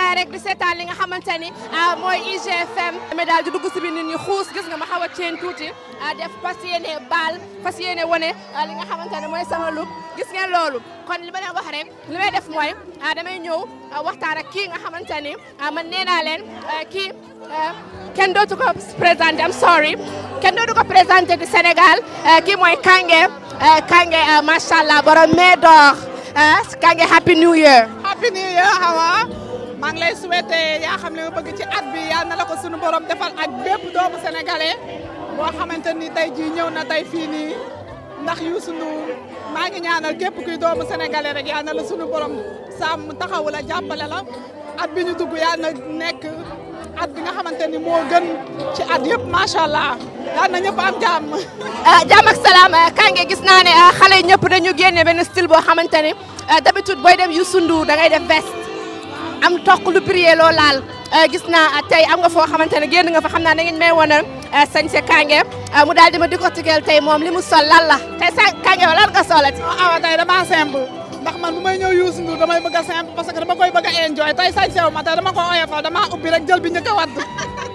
gars rek di seetaan li nga xamante ni ah, mooy IGFM mais daal di dugg si biir xuus gis nga ma xaw a ceen tuuti ah, def fas yéene baal fas yéene wane ah, li mooy sama look gis ngeen loolu kon li ma wax rek li may def mooy damay ñëw waxtaan ak kii nga xamante ni man nee naa kenn dootu ko présenté am sorry kenn dootu ko présenté du Sénégal kii mooy Kange Kange macha allah borom mais Kange happy new year. happy new year Hawa. maa ngi lay yaa xam ne ma bëgg ci at bi yal na ko sunu borom defal ak bépp doomu sénégalais boo xamante ni tey jii ñëw na tey fii nii ndax Youssou maa ngi ñaanal képp kuy doomu sénégalais rek yal na la sunu borom sàmm taxawu la jàppale la at bi ñu dugg yal na nekk at bi nga xamante ni moo ci at yëpp macha allah na ñëpp am jàmm. Ah, jàmm ak salaam ah, Kange gis naa ne ah, xale ñëpp dañu génne benn style boo xamante ne d'habitude booy dem Youssou Ndour da ngay def veste. am toq lu prié loo laal euh, gis naa euh, tey am nga foo xamante ne génn nga fa xam naa da ngeen a euh, sañse Kange mu daal di ma décortiquer tey moom li mu sol lan la tey sa Kange lan nga solati. awa tey damaa simple ndax man bu may ñëw Youssou Ndour damay bëgg a simple parce que dama koy bëgg a enjoy tey sañse ma tey dama ko oyofal damaa ubbi rek jël bi njëkk a wadd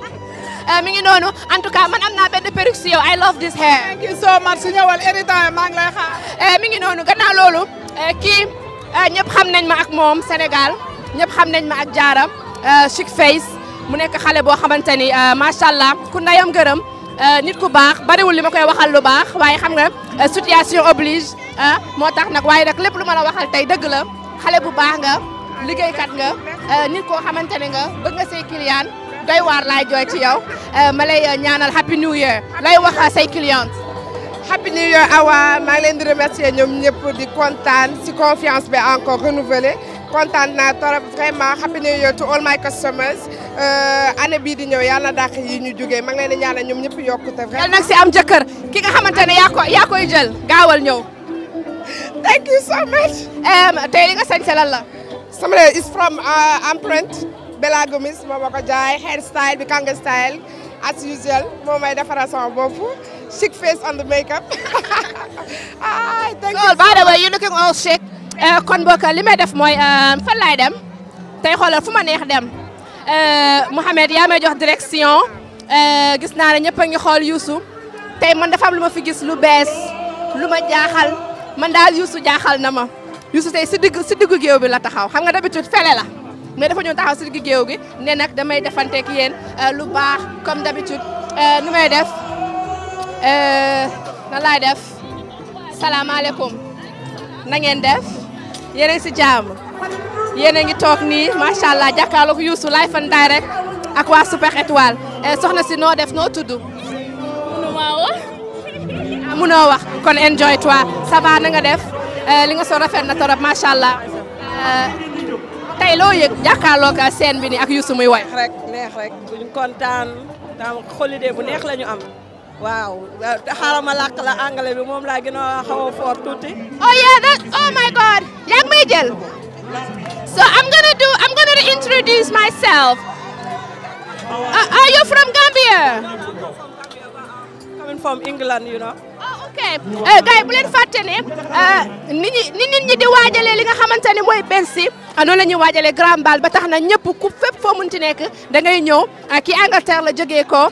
mi ngi noonu en tout cas man am naa benn perruque si yow I love this hair. thank mi ngi noonu gannaaw loolu kii ñëpp xam ma ak moom Sénégal. ñep xam nañ ma ak jaaram chic face mu nek xale bo xamanteni ma sha allah ku ndayam gëreem nit ku baax bari wul limakoy waxal lu baax waye xam nga situation oblige ah moo tax nag waaye lépp lu ma la waxal tay deug la xale bu baax nga kat nga nit ko xamanteni nga bëgg nga say client doy war lay joy ci yow ma lay ñaanal happy new year lay wax say client happy new year awa Je vous remercie di remercier ñoom ñëpp di kontaan si confiance bi encore renouvelée kontaan naa trop vraiment happy new year to all my customers euh, année bii di ñëw yàlla na dàq yi ñu jógee ma ngi leen di ñoom ñëpp yokkute vraiment. yàlla si am jëkkër ki nga xamante ne yaa ko jël gaawal ñëw. thank you so much. tey li nga sañse lan la. sama is uh, moo ma jaay hair style bi Kanga style as usual moo may defaral sama bopp. chic face on makeup. ah thank you. so by the way you're looking all chic. Eh, kon boog li may def mooy eh, fan laay dem tey xoolal fu ma neex dem eh, Mouhamed yaa may jox direction gis naa ne ñëpp a ngi xool Youssou tey man dafa lu ma fi gis lu bees lu ma jaaxal man daal Youssou jaaxal na ma Youssou tey si digg si digg géew bi la taxaw xam nga d'habitude fele la mais dafa ñëw taxaw si diggu géew gi ne nag damay defanteeg yéen lu baax comme d'habitude nu may def nan laay def salaamaaleykum na ngeen def. yéen si jàmm yéen a ngi toog nii macha allah jàkkaarloog Youssou Live and Direct ak waa Super Étoile eh, soxna si noo def noo tudd. mënuma wax. Ah, mënoo wax kon enjoy toi ça va nga def eh, li nga so rafet na torop macha allah eh, tey loo yëg jàkkaarloog scène bi nii ak Youssou muy way. rek neex rek buñ kontaan daam holiday bu neex la ñu am. Wow, Haramalak la anglais bi mom la gëna xawa fort tuti. Oh yeah, that oh my god. Yak may jël. So I'm going to do I'm going to introduce myself. Uh, are you from Gambia? even from England you know. Oh, eh, ne eh, ni ñi ni nit ñi di waajalee li nga xamante ne mooy benn si ah, noonu la ñuy waajalee grand bal ba tax na ñëpp ku fépp foo munti nekk da ngay ñëw eh, ki Angleterre la jógee ko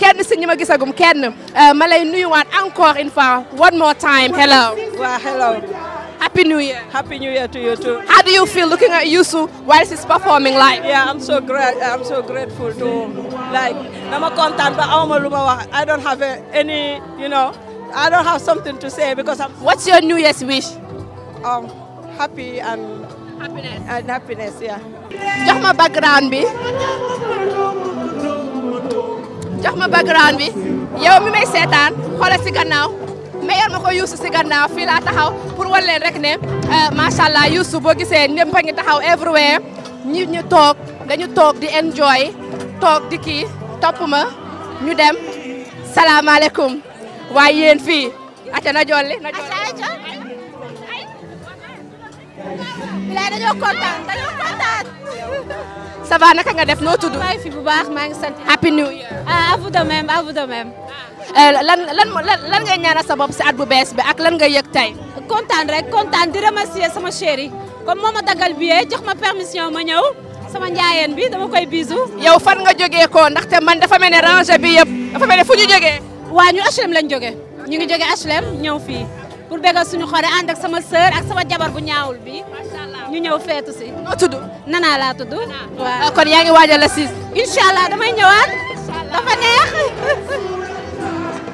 kenn si ñi ma gisagum kenn ma lay nuyuwaat encore une fois one more time hello. Happy New Year. Happy New Year to you too. How do you feel looking at Yusu while she's performing live? Yeah, I'm so great. I'm so grateful to like. I'm a content, but I don't have any, you know, I don't have something to say because I'm. What's your New Year's wish? Um, happy and happiness. And happiness, yeah. Just my background, be. Just my background, be. Yo, me me setan. Hold a second now. mayor ma ko Youssou si gannaaw fii laa taxaw pour wan leen ne euh, macha allah boo gisee ñëpp a ngi taxaw everywhere ñi ñu toog dañu toog di enjoy toog di kii topp ma ñu dem salaamaaleykum waaye yéen fii aca na jolli na jolli bilaay dañoo kontaan ça va naka nga def noo tudd. bu baax maa ngi sant. happy new year. ah à vous de même à de même. Euh, lan lan lan ngay ñaanal sa bopp si at bu bees bi ak lan nga yeg tay kontaan rek kontaan di remercier sama chéri comme moo ma dagal billet jox ma permission ma ñëw sama njaayeen bi dama koy bisu. yow fan nga jógee ko ndaxte man dafa mel ne bi yëpp dafa mel fu ñu jógee. waa ñu HLM lañ jógee ñu ngi jógee HLM ñëw fii. pour bégal suñu xore ànd ak sama sœur ak sama jabar bu ñaawul bi ñu ñëw fétu ci noo tuddu nana la tuddu wa kon yaangi wajal la siis inshallah allah damay ñëwaat dafa neex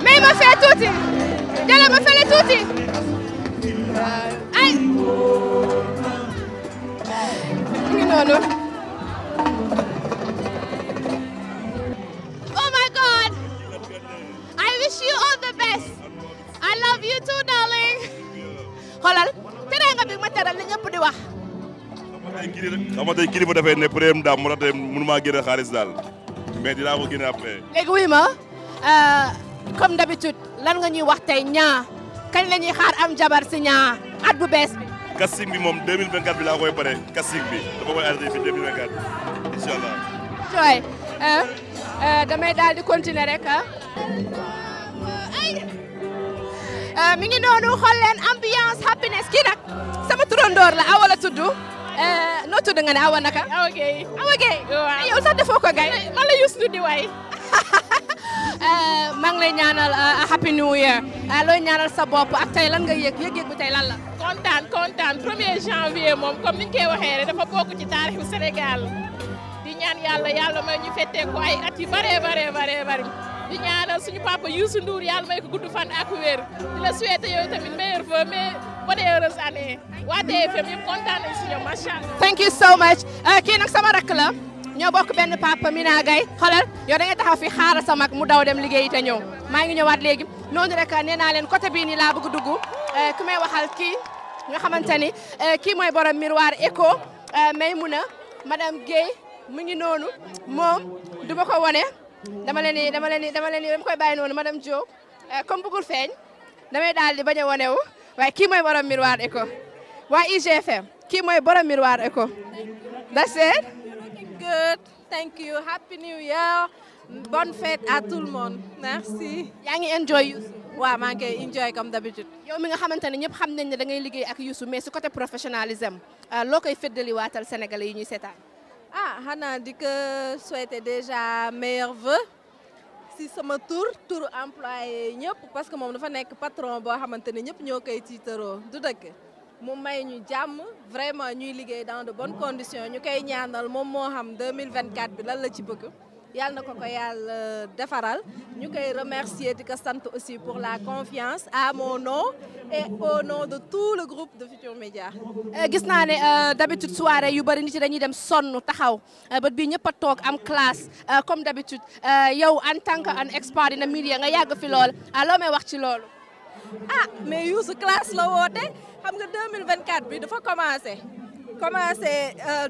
may ma fee tuti jële ma fele tuti ay ngi nonu oh my god I wish you all the best I love you too darling Holal, tere nga bi matara li ñepp di wax xam tay kilifa dafay ne première dame mo tax mënu ma génne xaalis dal. mais dina ko génne après Légui wi ma comme d'habitude lan nga ñuy wax tay ña kañ lañuy xaar am jabar ci ña at bu bees bi Kassim bi mom 2024 bi la koy paré Kassim bi dama koy arrêté fi 2024 Joy allah eh, euh damay dal di continuer rek ah Eh, mi ngi noonu xool ambiance happiness kii nag sama turandoor la awa la tudd eh, noo tudd nga ne awa naka. awa gay awa gay waaw eh, yow sax defoo ko gay. man la Youssou di way maa ngi lay ñaanal happy new year lo ñaanal sa bopp ak tey lan nga yëg yëg bu tey lan la. kontaan premier janvier mom. comme ni kau koy waxee rek dafa bokk ci taarixu Sénégal di ñaan yàlla yàlla may ñu fété ko ay at yu bare bare bare bare di ñaanal suñu papa Youssou Ndour yàlla euh, la ñoo bokk benn papa Mina Gaye xoolal yow da ngay fi xaaral sa mu daw dem liggéeyi te ñëw maa ngi ñëwaat léegi noonu rek nee naa leen côté bii nii laa bëgg dugg euh, ku waxal kii nga xamante ni euh, kii mooy borom miroir éco Maymuna madame Guèye mu ngi noonu moom du ma wone dama leen di dama leen di dama leen di dama koy bàyyi noonu madame Diop eh, comme bëggul feeñ damay daal di bañ a wane wu waaye kii mooy borom miroir éco waa IGFM kii mooy borom miroir éco that's it good thank you happy new year bonne fête à tout le monde merci. yaa ngi enjoy Youssou. waaw maa ngi koy enjoy comme d'habitude. yow mi nga xamante ne ñëpp xam nañ ne da ngay liggéey ak Youssou mais si côté professionnalisme euh, loo koy féddali waatal Sénégalais yi ñuy seetaan. ah Hana di ko souhaiter déjà meilleurs vœux si sama tour tour employé ñëpp parce que moom dafa nekk patron Je xamante ne ñëpp ñoo koy tiitaroo du dëkk mu may ñu jàmm vraiment ñuy liggéey dans de bonnes conditions ñu koy ñaanal le moment, xam 2024 bi lan la ci bëgg. Yalla nako ko Yalla défaral defaral ñu koy remercier di ko sant aussi pour la confiance à mon nom et au nom de tout le groupe de Futurs Médias. Euh, gis naa ne euh, d'habitude soirée yu bari nit yi dañuy dem sonu taxaw euh, ba bi ñëpp tok am classe comme d'habitude yow en tant que un expert dina milieu nga yàgg fi lool ah, loo may wax ci lool ah mais Youssou classe la woté xam nga 2024 bi dafa commencer commencé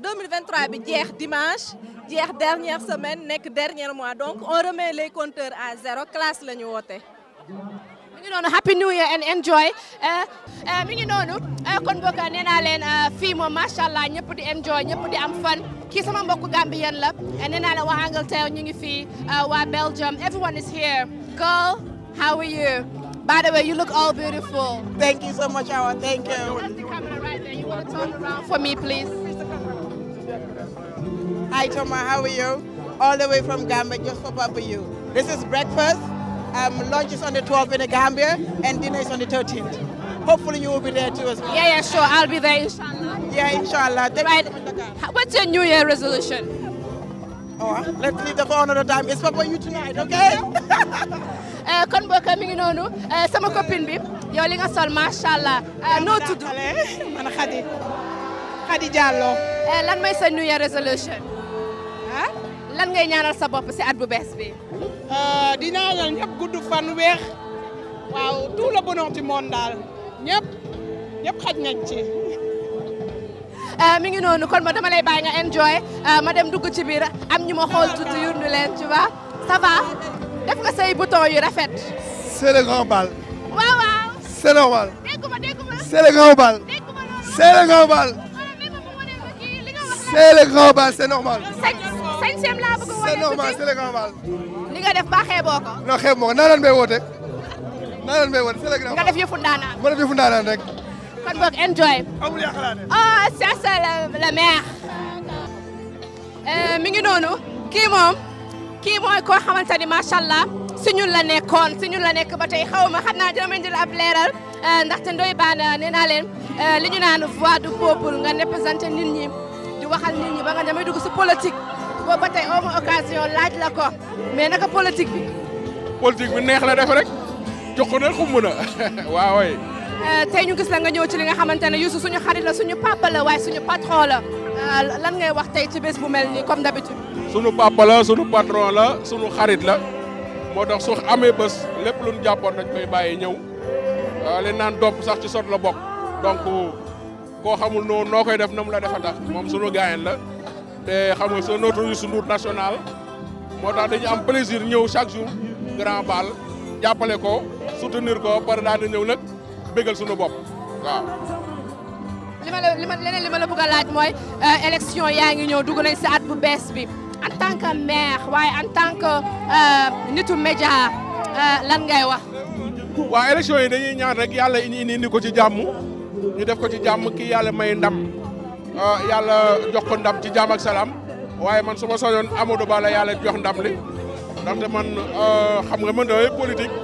2023 euh, bi jeex dimanche jeex dernière semaine nekk dernier mois donc on remet les compteurs à zéro classe la ñu woote. mi ngi noonu happy new year and enjoy euh, euh, mi ngi noonu kon boog nee fii moom macha allah ñëpp di enjoy ñëpp di am fan kii sama mbokku Gambien la nee waa Angleterre ñu ngi fii waa Belgium everyone is here girl how are you. By the way, you look all beautiful. Thank you so much, Awa. Thank you. That's the camera right there. You want to turn around for me, please? Hi, Toma. How are you? All the way from Gambia, just for you. This is breakfast. Um, lunch is on the 12th in the Gambia, and dinner is on the 13th. Hopefully, you will be there too as well. Yeah, yeah, sure. I'll be there, inshallah. Yeah, inshallah. Thank right. You What's your New Year resolution? Oh, let's leave the for another time. It's for you tonight, okay? Eh, kon mbokk mi ngi noonu eh, sama copine bi yow li nga sol macha allah eh, noo tudd. man Khady Khady Diallo. lan mooy sa New Year resolution. lan ngay ñaanal sa bopp si at bu bees bi. di ñaanal ñëpp gudd fan weex waaw tout le bonheur du daal ñëpp ñëpp xaj ci. Euh, mi ngi noonu kon ma a lay bàyyi nga enjoy euh, ma dem dugg ci biir am ñu ma xool tuuti yundu leen tu vois ça def nga say bouton yu rafet. c'est le grand bal. waaw waaw. c'est normal. a wane. c'est normal c'est le grand bal. li nga def ba xeeboo ko. non xeeb moo ko naa woote. naa leen woote nga def yëfu ndaanaan. kon boog enjoy. ah c'est ça la mère. Euh, mi ngi noonu kii moom kii mooy koo xamante ni allah si ñun la nekkoon si ñun la nekk ba tey xaw ma xam naa dina ma jël ab leeral euh, ndaxte Ndoye Bane nee naa leen euh, li ñu naan voix du peuple nga représenté nit ñi di waxal nit ñi ba nga demee dugg si politique boobu ba tey occasion laaj la ko mais naka politique bi. politique bi neex la def rek jox ko ne xumb na waaw waay Euh, tey ñu gis la nga ñëw ci li nga xamante ne Youssou suñu xarit la suñu papa la waaye suñu patron la euh, lan ngay wax tey ci bés bu mel nii comme d'habitude suñu papa la suñu patron la suñu xarit la moo tax su amee bës lépp lu ñu jàppoon dañ koy bàyyi ñëw euh, li naan dopp sax ci sot la bokk donc koo xamul noo noo koy def noomu la defa tax moom suñu gaayen la te xam nga c'est notre Youssou Ndour national moo tax dañu am plaisir ñëw chaque jour grand bal jàppale ko soutenir ko par daal nag bégal suñu bopp waaw. li leneen li ma la bëgg laaj mooy euh, élection yaa ngi ñëw dugg nañ si at bu bees bi en tant que maire waaye en tant que euh, nitu média euh, lan ngay wax. waaw élection yi dañuy ñaan rek yàlla indi indi ko ci jàmm ñu def ko ci jàmm kii yàlla may ndam yàlla jox ko ndam ci jàmm ak salaam waaye man su ma soñoon Amadou Ba la yàlla jox ndam li ndaxte man xam nga man damay politique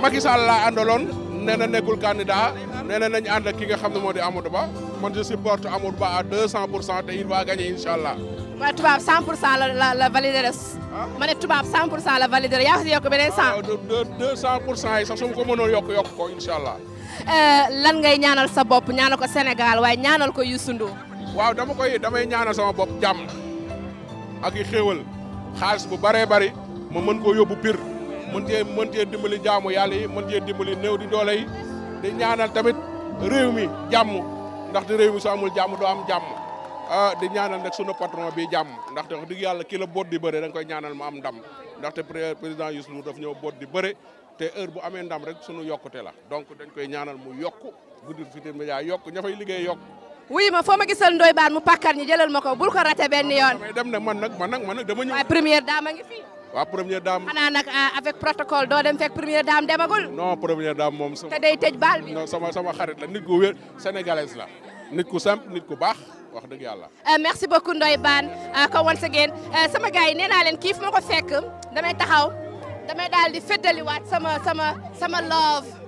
Macky Sall laa àndaloon. nena nekul candidat nena nañ and ak ki nga xamne modi Amadou Ba man je supporte Amadou Ba à 200 pour te il va gagner inshallah ba waaw 100 la la la valider la. Ah? ma 100 la valider la xiyok benen 100. 200 pour cent sax ko mënoon yok yok ko inshallah euh lan ngay ñaanal sa bop ñaanal ko Sénégal way ñaanal ko Youssou waaw dama koy damay ñaanal sama bop jam ak xewal xaliss bu baree bari mo mën ko yobbu Pire. mën cee mën cee dimbali jaamu yàlla yi mën cee dimbali new di doole yi di ñaanal tamit réew mi jàmm ndaxte réew mi su amul jàmm doo am jàmm ah di ñaanal nag sunu patron bi jàmm ndaxte wax dëgg yàlla ki la boot di bëre dañ koy ñaanal mu am ndam ndaxte président Youssou Ndour daf ñëw boot di bëre te heure bu amee ndam rek sunu yokkute la donc dañ koy ñaanal mu yokk Goudiry Futurs Médias yokk ña fay liggéey yokk wuy ma foo ma gisal ndoy baan mu pàkkar ñi jëlal ma ko dem nag man nag man nag man nag dama ñëw. waaye première dama La première dame. Ah, avec protocole dem première dame demagul. non première dame monsieur. c'est sama sama xarit la nit sénégalaise la nit simple nit wax eh, merci beaucoup Ndoye Ban. Ah, once again eh, sama gars yi nee kiff leen damay taxaw damay di sama sama sama love.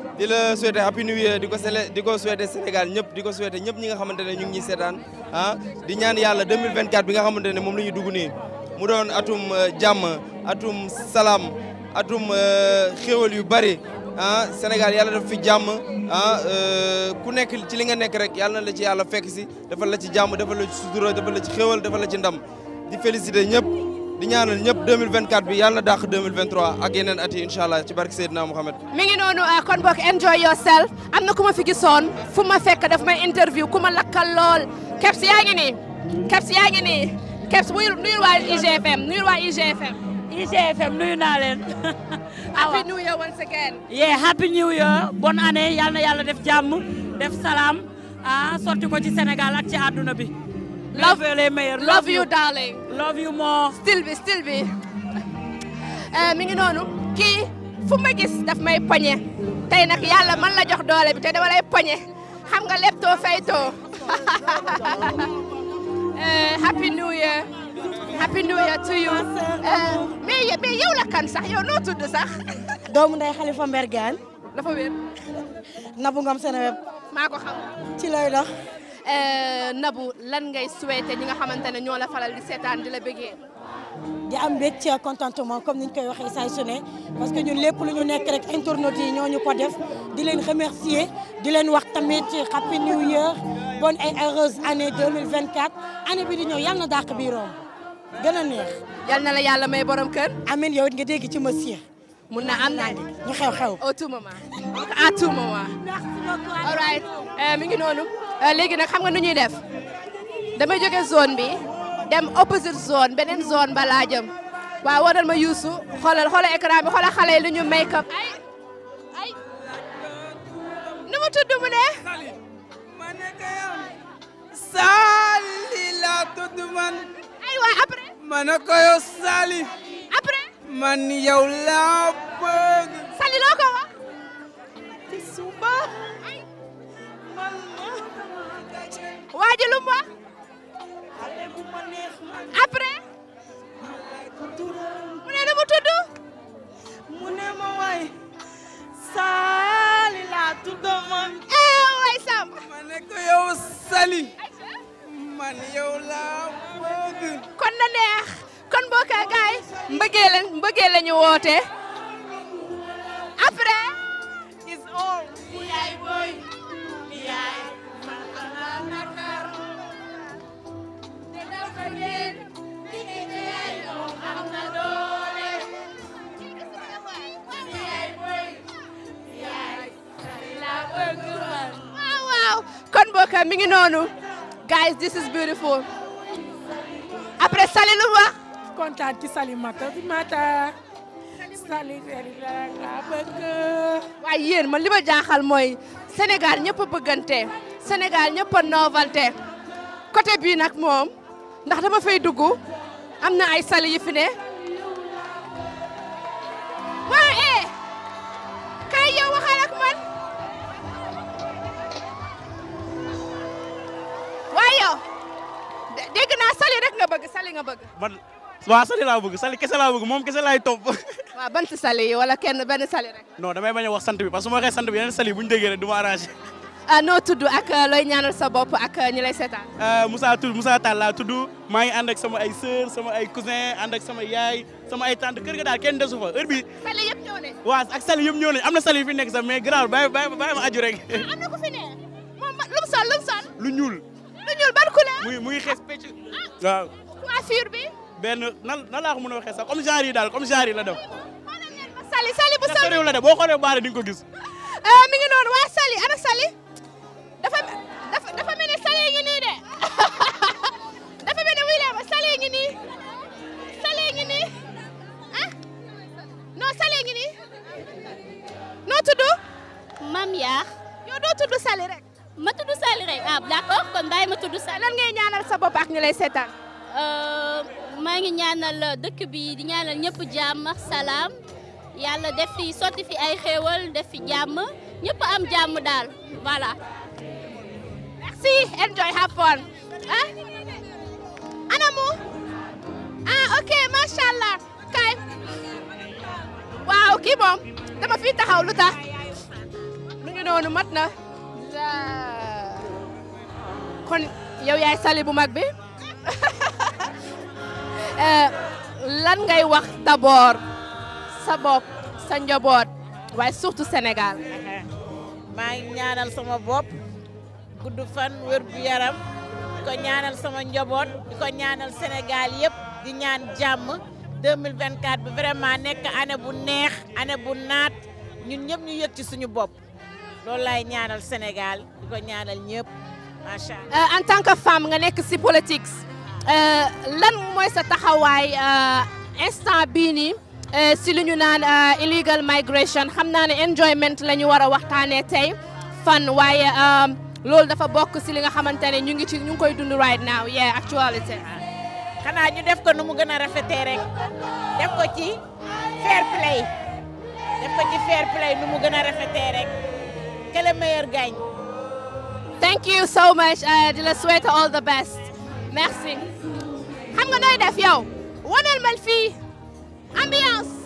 di la souhaiter happy new year di ko sele di ko souhaiter Sénégal ñëpp di ko souhaiter ñu ngi seetaan ah di ñaan yàlla 2024 bi nga xamante ne moom la ñu dugg nii mu doon atum euh, jàmm atum salaam atum euh, xéwal yu bari ah Sénégal yàlla def fi jàmm ah euh, ku nekk ci li nga nekk rek yàlla na la ci yàlla fekk si defal la ci jàmm defal la ci sutura defal la ci xéwal defal la ci ndam di féliciter ñëpp. di ñaanal ñëpp 2024 bi yàlla na dàq 2023 ak yeneen at yi ci barke Seydina Mohamed. mi ngi noonu ah, kon enjoy yourself am na ku ma fi gisoon fu ma fekk daf may interview ku ma lakkal lool Kebs yaa ngi nii Kebs yaa ngi nii Kebs nuyul nuyul waa IGFM nuyul waa IGFM. IGFM nuyu naa leen. happy new year once again. yeah happy new year bonne année yàlla na yàlla def jàmm def salaam ah sotti ko ci Sénégal ak bi. love you more. still bi still bi eh, mi ngi noonu kii fu ma gis daf may poñe tey nag yàlla man la jox doole bi te dama lay poñe xam nga lépp too fay eh, happy new year happy new year to you eh, mais mais yow la kan sax yow noo tudd sax. doomu nday Khalifa Mbergane. dafa wér. Nabou Ngom maa ko xam. ci lay dox. Euh, Nabou lan ngay souhaiter ñi nga xamante ne la faral di sétane di la bëggé di am mbégte contentement comme niñ koy waxé saa su parce que ñun lépp lu ñu nekk rek internet yi ñoñu ko def di leen remercier di leen wax tamit happy new year bonne et heureuse année 2024 année bi di ñëw yalla na dàq bi rom gëna neex. yalla na la yalla may borom kër. amiin yow it nga dégg ci monsieur. mun na am naa ñu xew xew. au tout moment à tout moment. all right eh, mi ngi noonu eh, léegi nag xam nga nu ñuy def damay jóge zone bi dem opposite zone beneen zone ba laa jëm waaw ma yuusu xoolal xoolal écran bi xoolal xale lu ñu make up ay ay ne. Sali laa tudd ay waay après. ma ne ko yow après. man yow laa bëgg. Sali loo ko wax. ci suba. man ma. neex eh, ma ne ko yow Sali. man yow laa bëgg. kon na neex. kon mbokk ak gaay mbëggee lañ mbëggee la woote kontaan ci Salimata bi mata Salim laa li ma jaaxal mooy Sénégal ñëpp a bëggante Sénégal ñëpp a noovante côté moom ndax dama fay dugg am na ay sali yu fi ne. Eh, kay yow waxal man waaye yow dégg naa sali rek nga bëgg sali nga bëgg. waaw Sali laa bëgg Sali kese laa bëgg moom kese laay topp. waaw ban Sali wala kenn benn Sali rek. non damay bañ a wax sant bi parce que su ma waxee sant bi yeneen Sali bu ñu déggee rek du ma arrangé. Ah, noo tudd ak euh, looy ñaanal sa bopp ak euh, ñi lay seetaan. Euh, Moussa tudd Moussa Tall laa tudd maa ngi ànd ak sama ay sœur sama ay cousin ànd ak sama yaay sama ay tante kër ga daal kenn desu fa heure bi Sali yëpp ñëw nañ. waaw ak Sali yëpp ñëw nañ am na Sali yu fi nekk sax mais grave bàyyi bàyyi bàyyi ma aju rek. Ah, am na ku fi ne moom lu mu sol lu mu sol. lu ñuul. lu ñuul ban couleur. muy muy xees pecc. Ah, waaw. coiffure bi. Ben, nan nan laa ko mën a waxee sax comme genre yi daal comme genre yi la def. Sali Sali bu Sali réew la def boo xoolee bu baax di nga ko gis. Euh, mi ngi noonu waa Sali ana Sali dafa dafa dafa mel ni Sali ngi nii de dafa mel ni wuy Sali ngi nii Sali ngi nii ah non Sali ngi nii noo tudd. Mam Yaa. yow doo tudd Sali rek. ma tudd Sali rek ah d'accord kon bàyyi ma tudd Sali. lan ngay ñaanal sa bopp ak ñu lay seetaan. Euh, maa ngi ñaanal dëkk bi di ñaanal ñëpp jàmm ak salaam yàlla def fi sotti fi ay xéewal def jàmm ñëpp am jàmm daal voilà. merci enjoy happen ah. anamu ah ok macha allah kay waaw kii moom dama fi taxaw lu tax lu ngi noonu mat na. kon yow yaay sali bu mag bi. Eh, lan ngay wax d'abord sa bopp sa njaboot waaye surtout Sénégal. maa ngi ñaanal sama bopp gudd fan wér gu yaram di ko ñaanal sama njaboot di ñaanal Sénégal yëpp di ñaan jàmm 2024 bi vraiment nekk année bu neex année bu naat ñun ñëpp ñu yëg ci suñu bopp loolu laay ñaanal Sénégal di ko ñaanal ñëpp eh, en tant que femme nga nekk si politique. Euh, lan mooy sa taxawaay euh, instant bii nii euh, si li ñu naan illegal migration xam naa ne enjoyment la ñu war a waxtaanee tey fan waaye loolu dafa bokk si li nga xamante ne ñu ngi ci ñu ngi koy dund right now yeah actualité. xanaa ñu def ko nu gën a rafetee rek def ko ci fair play def ko ci fair play nu gën a rafetee rek que le meilleur gagne. Thank you so much. I uh, souhaite all the best. Merci. xam nga nooy def yow waneel mal fii ambiance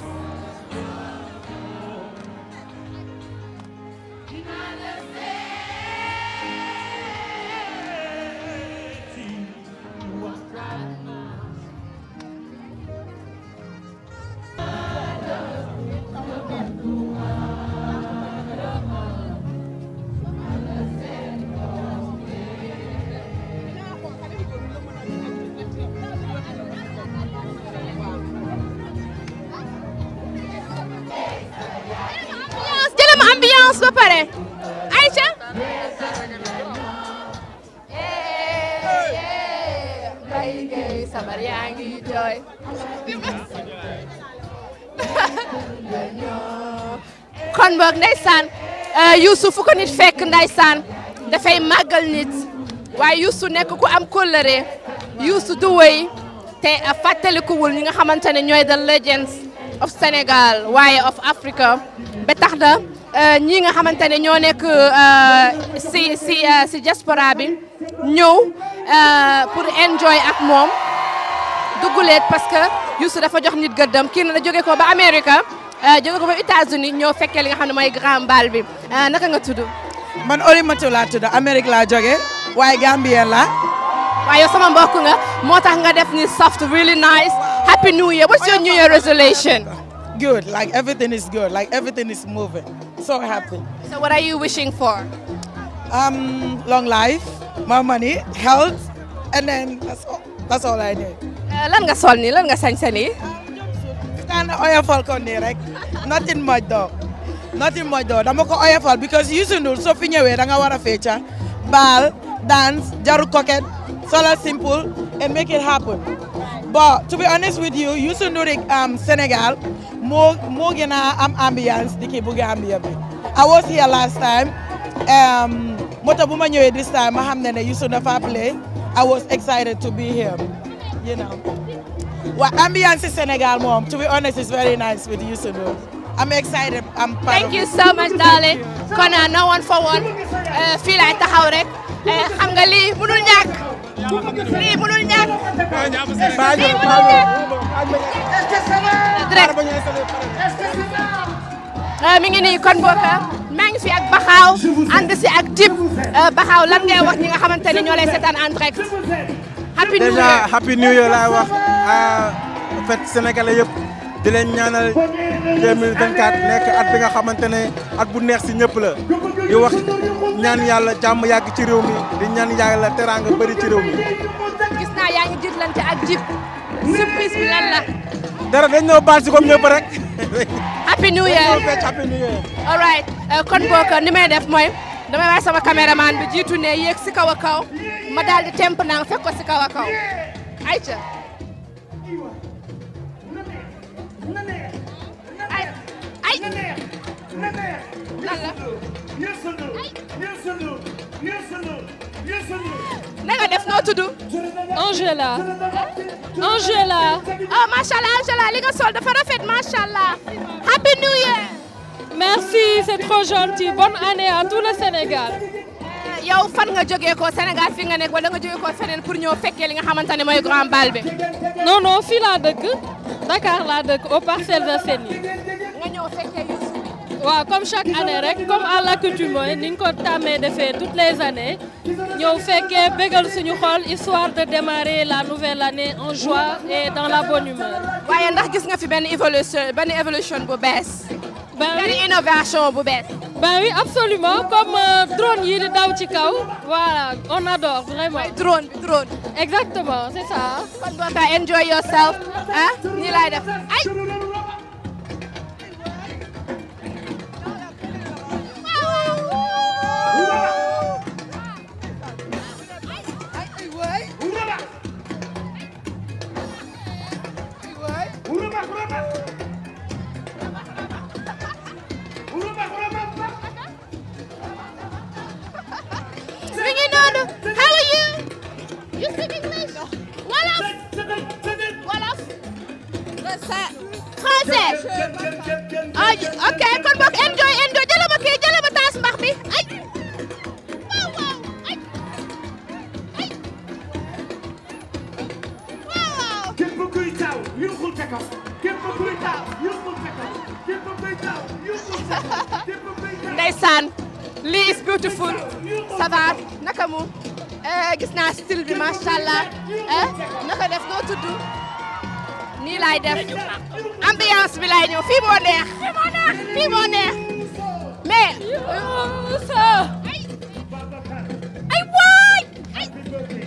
ngoog ndeysaan euh, Youssou fu ko nit fekk ndeysaan dafay màggal nit waaye Youssou nekk ku am kóllëre Youssou du wëy te euh, fàttalikuwul ñi nga xamante ne ñooy the legends of waaye of Africa ba tax na euh, ñii nga xamante ne ñoo nekk si si si diaspora bi ñëw pour enjoy ak moom dugguleet parce que Youssou dafa jox nit gëddam kii na la jóge ko ba america Euh, jóge ko ba États-Unis ñoo fekkee li nga xam ne mooy grand bal bi euh, naka nga tudd. man Olimatou laa tudd Amérique laa jóge waaye Gambien laa. waaye yow sama mbokk nga moo tax nga def ni soft really nice happy new year what's your new year resolution. good like everything is good like everything is moving so happy. so what are you wishing for. um long life more money health and then that's all that's all I need. Euh, lan nga sol nii lan nga sañ-sañ kind of oyofal ko nii rek nothing much though nothing much though dama ko oyofal because soo fi ñëwee da nga war a feeca baal dance jaru coquet solo simple and make it happen but to be honest with you Youssou Ndour um, Sénégal moo a am ambiance di kii bu bi I was here last time um, moto bu ma ñëwee this time ma xam ne ne Youssou dafa play I was excited to be here you know Well, ambiance in Senegal, mom, to be honest, is very nice with you, Sunu. I'm excited. I'm Thank you so much, darling. Kona, no one for one. fii laay taxaw rek xam nga lii mënul ñàkk lii mënul ñàkk lii mënul ñàkk mi nii kon uh, happy new year déjà happy new year laay wax ah, en fait sénégalais yëpp di leen ñaanal 2024 nekk at bi nga xamante ne at bu neex si ñëpp la di wax ñaan yàlla jàmm yàgg ci réew mi di ñaan yàlla teraanga bëri ci réew mi. gis naa yaa ngi jiitlante ak jib surprise bi lan dara dañ ñoo baal si comme ñëpp happy new year dañ ñoo euh, kon boog ni may def mooy damay wax sama caméraman bi jiitu ne yéeg si kaw a ma dal di temp fekk ko Aïe. Angela hein? Angela oh MashaAllah Angela li rafet happy new year merci c'est trop gentil bonne année à tout le Sénégal yow fan nga ko Sénégal fi nga wala nga ko pour li nga grand non non fi la deug Dakar la au nga comme chaque année comme à l'accoutumée ni ko toutes les années Nous fekkee bégal suñu histoire de démarrer la nouvelle année en joie et dans la bonne humeur. ndax gis nga fi évolution évolution bu ben innovation ben oui, absolument, comme euh, drone yi de d'Auchikao. Voilà, on adore vraiment. drone, drone. Exactement, c'est ça. Enjoy yourself. Hein? Ni wolof euh, français ok kon boog enjoy enjoy jëlama kii jëlama taas mbax bi ay waaw waaw ay ay waaw waaw beautiful ça va gis eh, naa style bi macha allah eh, naka def noo tudd. nii laay def ambiance bi laay ñëw Fi moo neex. fii moo neex mais. ay waay.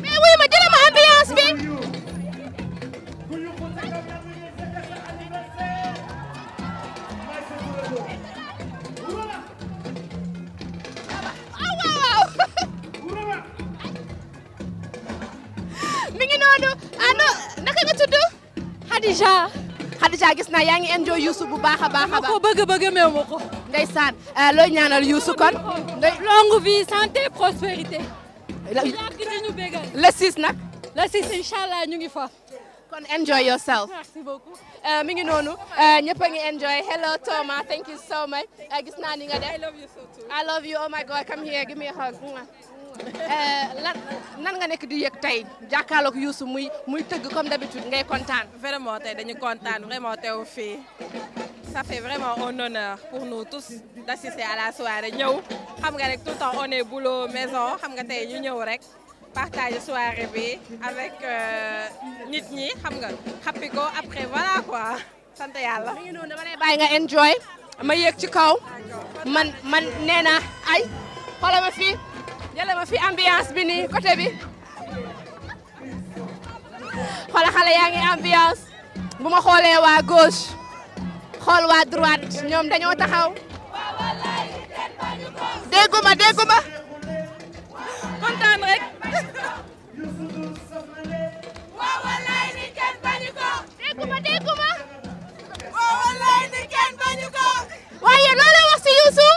mais wuy ma Khadija Khadija gis enjoy Youssou bu baax a ko euh, ñaanal Youssou kon. longue vie santé prospérité. le 6 le 6 ñu ngi fa. kon enjoy yourself. merci beaucoup euh, mi ngi euh, ñëpp ngi enjoy hello Thomas thank you so much gis naa ni nga def. I love you so too. I love you oh my God come here give me a hug. Eh, lan nan nga nekk di yëg tey jàkkaarloog Youssou muy muy tëgg comme d'habitude ngay kontaan. vraiment tey dañu kontaan vraiment teew fii ça fait vraiment un honneur pour nous tous d'assister à la soirée ñëw xam nga rek tout le temps on est boulot maison xam nga tey ñu ñëw rek partager soirée bi avec euh, nit ñi xam nga xappi ko après voilà quoi sant yàlla. mi ngi noonu dama lay bàyyi nga enjoy ma yëg ci kaw man man nee na ay xoolal ma fii. Yalla ma fi ambiance bi ni côté bi xoola xale yaa ngi ambiance Buma xolé wa gauche Xol wa droite ñom dañoo taxaw Déguma déguma. Contane rek dégguma wax Youssou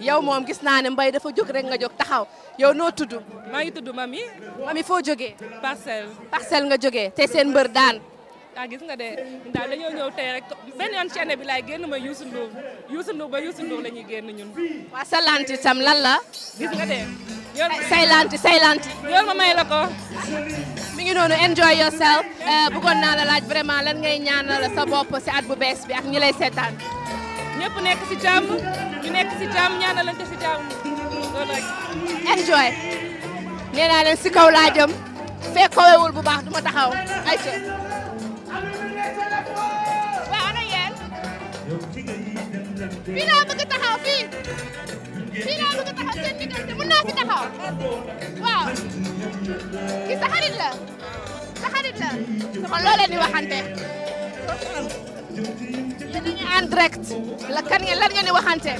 yow mom gis na ne mbay dafa jóg rek nga jóg taxaw yow no tuddu ma ngi tuddu mami. mami fujuge. joge parcel parcel nga joge te sen beur daan. da ah, gis nga de da dañu ñew tay rek ben yon chaîne bi lay génn ma Youssou Ndour Youssou ba Youssou Ndour lañuy genn ñun. wa sa lan la. gis nga de. yor say say yor ma may la ko. mi ngi nonu enjoy yourself. Eh, Bukon na la laaj vraiment lan ngay ñaanal sa bop ci at bu bes bi ak ñi lay sétane ñepp nekk ci jamm ñu nekk si jàmm enjoy nee naa leen si kaw laa jëm bu baax taxaw ayca. waaw fii laa bëgg taxaw fii. fii laa bëgg taxaw seen diggante mën naa fi taxaw. waaw. ki sa xarit la. sa xarit yéen a ngi en direct la kan ngeen lan ngeen di waxante.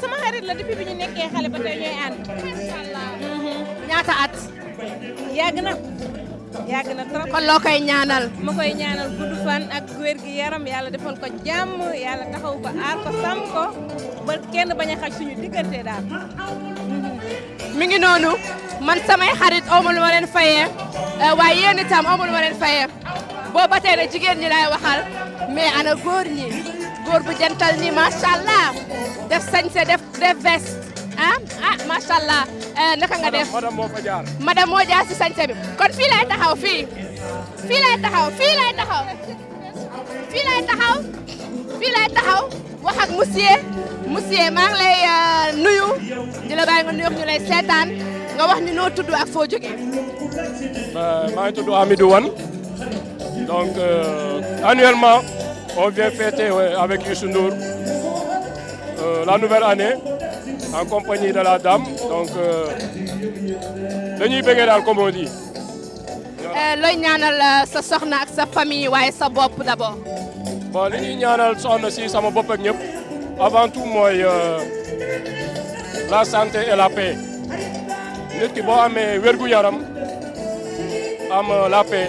sama xarit la depuis bi ñu nekkee xale ba tey ñooy ànd. Mm-hmm. ñaata at. yàgg na. trop kon loo koy ñaanal. ma koy ñaanal gudd fan ak wér gi yaram yàlla defal ko jàmm yàlla taxaw ko aar ko sàmm ko ba kenn bañ a xaj suñu diggante daal. Mm-hmm. mi ngi noonu man samay xarit amul ma leen fayee eh, waaye yéen itam amul ma leen fayee. boo ba na jigen ñi lay waxal mais ana góor ñi góor bu gentle ni macha allah def sañse def def vest, ah ah macha allah eh, naka nga def madame mo fa jaar madame mo jaar si sañse bi kon fi lay taxaw fi fi lay taxaw fi lay taxaw fi lay taxaw fi lay taxaw wax ak monsieur monsieur ma ngi lay euh, nuyu di la bay nga nuyu ñu lay seetaan nga wax ñu no tuddu ak fo jógee. Euh, ma ngi tuddu Amidou wan Donc euh, annuellement, on vient fêter ouais, avec Yusundur euh, la nouvelle année en compagnie de la dame. Donc, euh, dañuy bëggee daal comme on dit. Euh, looy ñaanal sa soxna ak sa famille waaye sa bopp d'abord. bon li ñuy ñaanal soxna si sama bopp ak ñëpp avant tout mooy la santé et la paix nit ki boo amee wérgu yaram am la paix.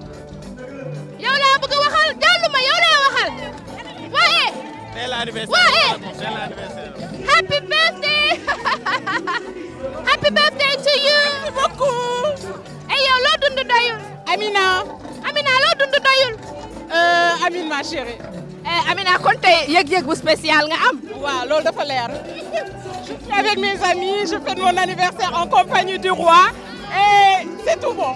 happy birthday happy birthday to you. merci beaucoup. et Amina. Amina dund euh, Amine ma chérie. Eh, Amina kon spécial nga am. waaw loolu je suis avec mes amis je fais mon anniversaire en compagnie du roi et c'est tout bon.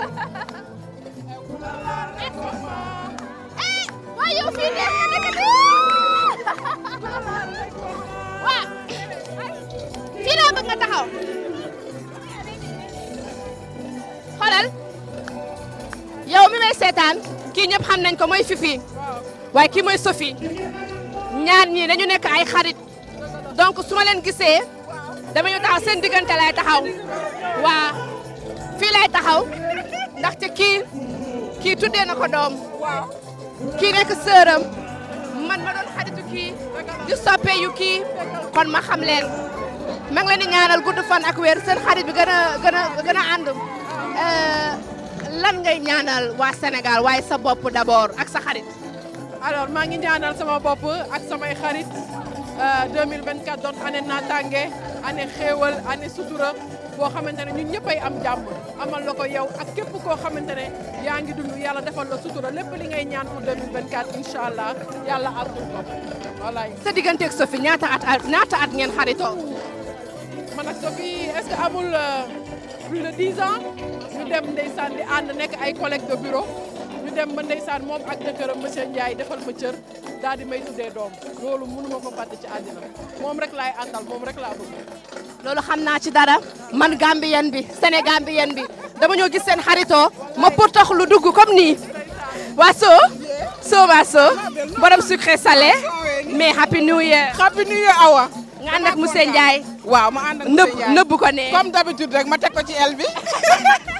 waaw yow fii nga taxaw xoolal yow mi may seetaan kii ñëpp xam nañ ko mooy Fifi waa kii mooy Sophie ñaar ñii dañu nekk ay xarit donc su ma leen gisee dama ñu taxaw seen diggante lay taxaw waa fii taxaw. ndaxte kii kii tuddee na ko doom kii nekk sëram man ma doon xaritu kii di soppe yu kii kon ma xam leen ma ngi leen di ñaanal gudd fan ak weer seen xarit bi gën a gën a gën euh, lan ngay ñaanal waa senegal waaye sa bopp d'abord ak sa xarit alors maa ngi ñaanal sama bopp ak samay xarit 2024 euh, doon année naataange année xéewal année sutura boo xamante ne ñun ñëpp ay am jàmm amal la ko yow ak képp koo xamante ne yaa ngi dund yàlla defal la sutura lépp li ngay ñaan pour 2024 incha allah yàlla àggul ko walaay. sa digganteeg Sophie ñaata at ñaata at ngeen xaritoo. man ak Sophie est-ce que amul euh, plus de 10 ans ñu dem ndeysaan di ànd nekk ay collègues de bureau ñu dem ba ndeysaan moom ak jëkkëram monsieur Ndiaye defal ma cër. daal di may tuddee doom loolu mënu ma ko fàtte ci àddina moom rek laay àndal moom rek laa bëgg. loolu xam naa ci dara man Gambien bi Sénégambien bi dama ñoo gis seen xaritoo ma pour tax lu dugg comme nii waa soo soo waa soo borom sucré salé mais happy new year. happy new year awa. nga ànd ak monsieur Ndiaye. waaw ma ànd ak monsieur Ndiaye nëbb nëbb ko ne. comme d'habitude rek ma teg ko ci el bi.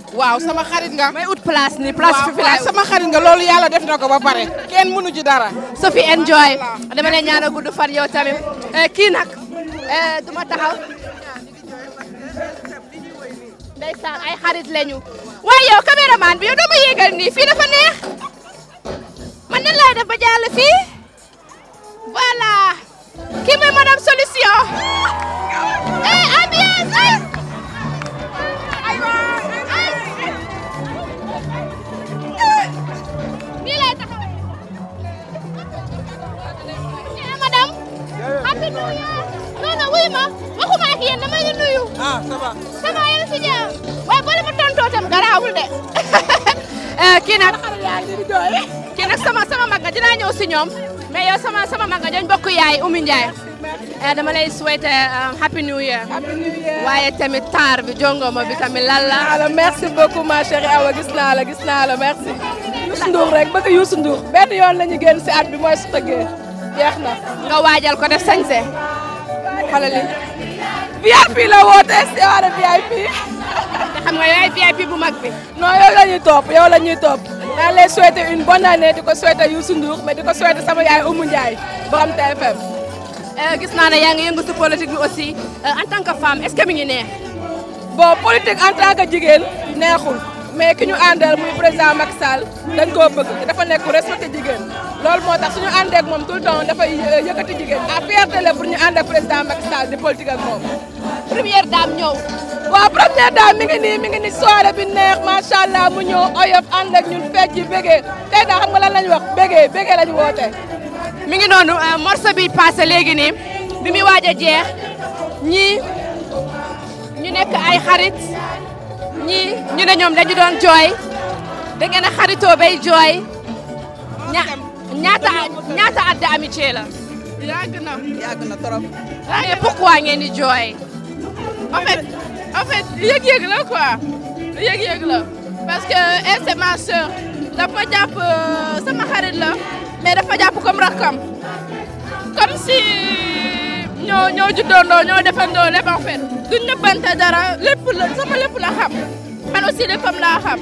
Wow, sama xarit nga. may ut place ni place fi fi sama xarit nga lolou yalla def nako ba pare ken munu ci dara. Sophie enjoy dama ne ñaana gudd far yow tamit nak eh, eh duma taxaw. ndeysaan ay xarit lañu way yow cameraman bi yow dama yegal ni fi dafa neex man nan lay def ba jall fi voilà ki may solution eh ambiance eh. ay non non ak yéen ah, eh, kii nag kii nag mag nga dinaa ñëw si ñoom mais yow sama sama mag nga ñooñu bokk yaay Oumy Ndiaye. Eh, dama lay souhaiter euh, happy new year. waaye tamit taar bi jongoma bi tamit lan la. alors merci beaucoup ma chérie Awa gis naa la gis naa la merci. Youssou Ndour rek bëgg Youssou Ndour benn yoon la ñu si at bi mooy su tëggee. jeex na nga waajal ko def sañse xoolal li la woote si war a VIP. te xam nga yaay VIP bu mag bi. non yow la ñuy topp yow la ñuy topp. naa lay souhaiter une bonne année di ko souhaiter Youssou Ndour mais di ko souhaiter sama yaay Oumou Ndiaye borom TFM. Eh, gis naa ne yaa ngi yëngu si bi aussi eh, en tant que femme est mi ngi neex. bon politique en tant jigéen neexul. mais ki ñu àndal muy président Macky dañ koo bëgg dafa nekk respecté jigéen loolu moo tax suñu àndee ak moom tout le temps dafay yëkkati jigéen à fierté la pour ñu ànd président Macky di politique moom première dame ñëw waaw première dame mi ngi nii mi ngi nii soirée bi neex macha mu ñëw oyof ànd ak ñun fecc yi tey daa xam nga lan la ñu wax bégee bégee la woote mi ngi noonu euh, morceau bi passé léegi nii bi muy waaj a jeex ñii ñu nekk ñii ñu ne ñoom dañu doon jooy da ngeen a xaritoo bay jooy ñaata ñaata at de amitié la. yàgg na yàgg na trop. mais pourquoi ngeen di jooy. en fait en la quoi yëg la parce que elle eh, c'est dafa jàpp euh, sama xarit la mais dafa jàpp comme rakam si. ñoo ñoo juddoondoo ñoo defandoo lépp en fait duñ nëbbante dara lépp la sama lépp la xam man aussi léppam laa xam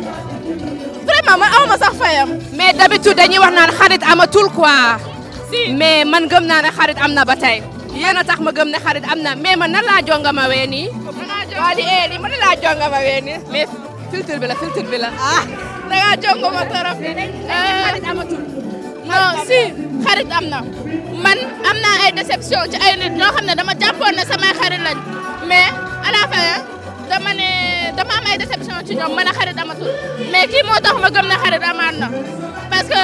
vraiment man awma sax fayam. mais d'habitude dañuy wax naan xarit amatul quoi. si mais man gëm naa ne xarit am na ba tey. yéen a tax ma gëm ne xarit am na mais man nan laa jonga ma wee nii. waa li ee eh, lii man laa jonga ma wee nii. mais filtre bi la filtre bi la. ah da ngaa jonga ma non si xarit am na man am naa ay déception ci ay nit ñoo xam ne dama jàppoon ne samay xarit lañ mais à la fin dama ne dama am ay déception ci ñoom mën a xarit amatul mais kii moo tax ma gëm na xarit amaat na parce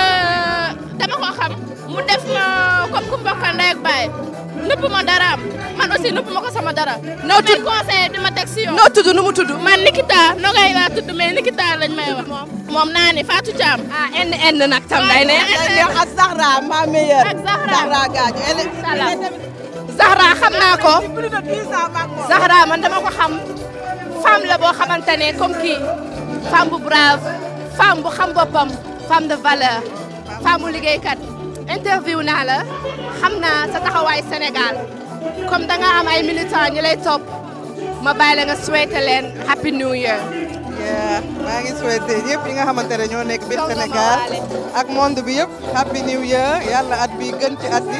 dama ko xam mu def ma comme ku mbokkal ndey ak baay nëpp ma dara am man aussi nëpp ma ko sama dara. noo tudd nu mu tudd. man Nikita noo ngay waa tudd mais Nikita lañ may wax. moom moom naa ni Fatou Thiam. ah enn enn nag tam day ne. ak Zahra ma meilleure. ak Zahra Gadio Zahra naa ko. Zahra man dama ko xam. femme la boo xamante ne comme kii femme bu brave femme bu xam boppam femme de valeur femme bu liggéeykat interview naa la xam naa sa Sénégal comme da nga am ay militants ñi lay topp ma bàyyi la nga souhaité leen happy new year. maa ngi souhaité ñëpp ñi nga xamante ne ñoo nekk biir Sénégal ak monde bi yëpp happy new year yàlla at bi gën ci at bi.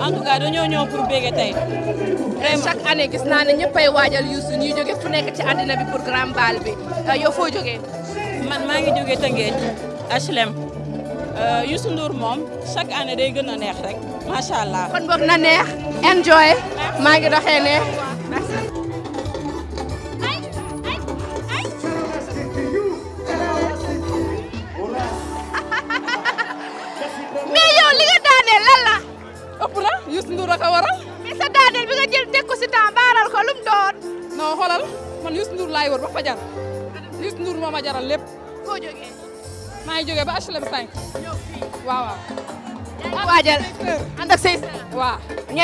en tout cas dañoo ñëw pour bége tey vraiment chaque année gis naa ne ñëppay waajal Youssou ñuy jóge fu nekk ci àddina bi pour grand bal bi euh, yow foo jógee man maa ngi jógee Tëngéej HLM euh, Youssou Ndour moom chaque année day gën a neex rek macha allah kon boog na neex enjoy maa ngi doxee neex mais yow li la Youssou Ndour a ko waral. mais sa daaneel bi nga jël teg si temps baaral doon. non xoolal man Youssou Ndour laay wër ba fajar Youssou Ndour moo ma jaral lépp. maa ngi jógee ba HLM 5. ñëw fii waaw waajal ànd ak say waaw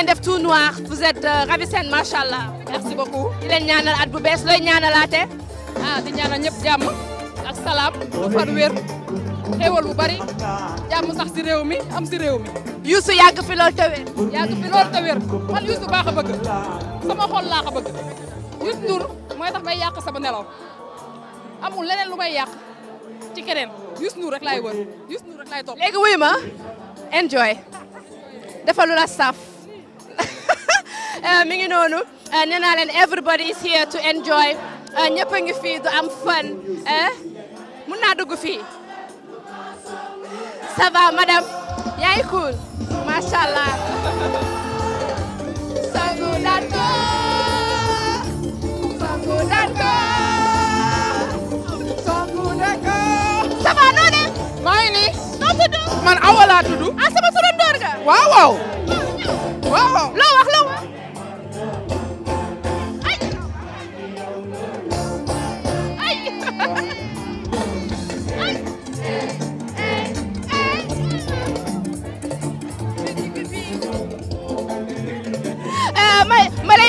def tout noir vous êtes euh, ravissante allah. merci beaucoup di leen ñaanal at bu bees looy ñaanalaate. ah di ñaanal ñëpp jàmm. ak salaam fan wér xéewal bu bari jàmm sax si réew mi am si réew mi Youssou yàgg fi lool te wér yàgg fi lool te wér man Youssou baax a bëgg sama xol laa ko bëgg Youssou Ndour mooy tax may yàq sama nelaw amul leneen lu may yàq ci keneen Youssou Ndour rek laay wër Youssou Ndour rek laay topp léegi wuy ma enjoy dafa lu la saf mi ngi noonu nee naa leen everybody is here to enjoy ñëpp a ngi fii du am fun mun naa fi. fii ça va madame yaa cool macha allah sangu daan ko sangu daan ko sangu daan ko ça va noo def maa ngi nii noo tudd man Awa laa tudd ah sama turandoor nga waaw waaw waaw wax loo wax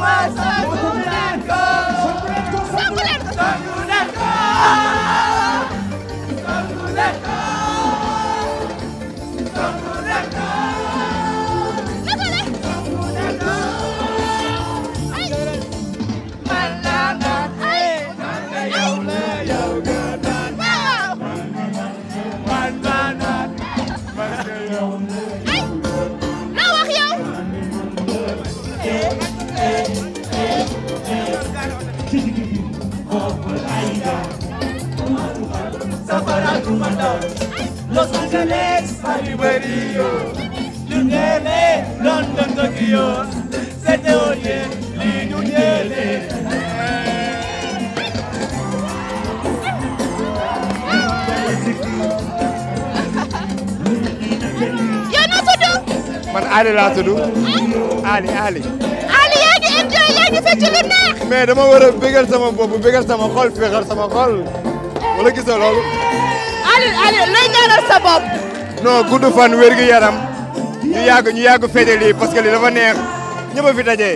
Sangunanku Sangunanku London, Los Ángeles, Paribério, Lunele, London, Tokyo, c'était au lien, l'Inuniele. man Ali laa tudd. Ali Ali. Ali yaa ngi enjoy yaa ngi fecc lu neex. mais dama war a bégal sama bopp bégal sama xol féexal sama xol wala gisoo loolu. Aliou Aliou looy ñaanal sa bopp. non gudd wér gi yaram ñu yàgg ñu yàgg fete lii parce que lii dafa neex ñëpp fi daje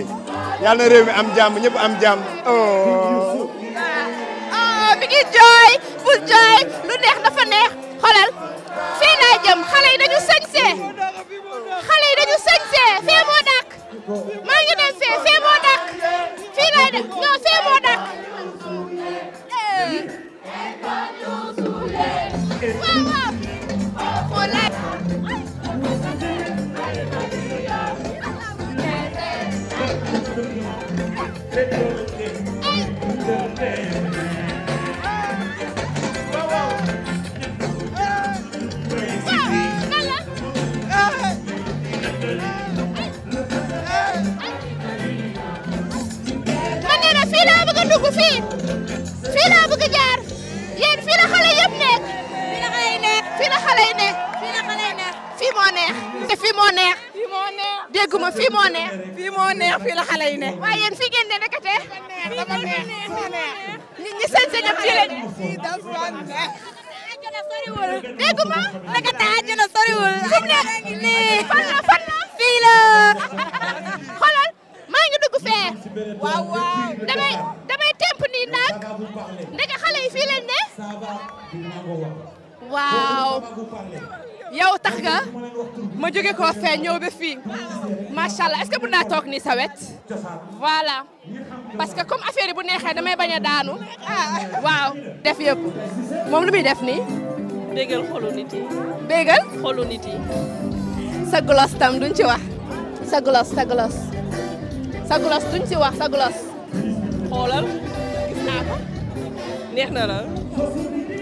yàlla na réew mi am jàmm ñëpp am jàmm. oh, oh mi ngi jooy bu jooy lu neex dafa neex xoolal fii laa jëm xale yi dañu sañse xale yi dañu sañse fee moo dàkk maa ngi dem fee fee moo dàkk fii laay dem non fee moo dàkk. Eh. fii fii laa bëgg a jaar yéen fii la xale yëpp nekk. fii la xale yi nekk. fii la xale yi nekk. fii la xale yi nekk. fii moo neex. te fii moo neex. fii moo neex. dégg ma fii moo neex. fii moo neex fii la xale yi nekk. waaye yéen fii ngeen di nekkate. fii moo neex moo neex. ñi ñi sañ sañ ñëpp fii lañ. fii dafa neex. àjjana soriwul. dégg ma. nekkate àjjana soriwul. fu mu nekk nii fan la fan la. fii la xoolal. Je ne dugg pas waaw waaw damay damay temp nii nag ndeke xale yi fii leen ne waaw yow tax nga ma jóge ñëw allah est ce que mën naa toog voilà parce que comme affaire bu neexee damay bañ daanu waaw def yëpp moom lu muy def bégal xolu nit yi bégal xolu nit yi sa gloss tam duñ ci wax sa gloss sa gloss sa glos duñ ci wax sa glos. xoolal gis naa ko neex na la.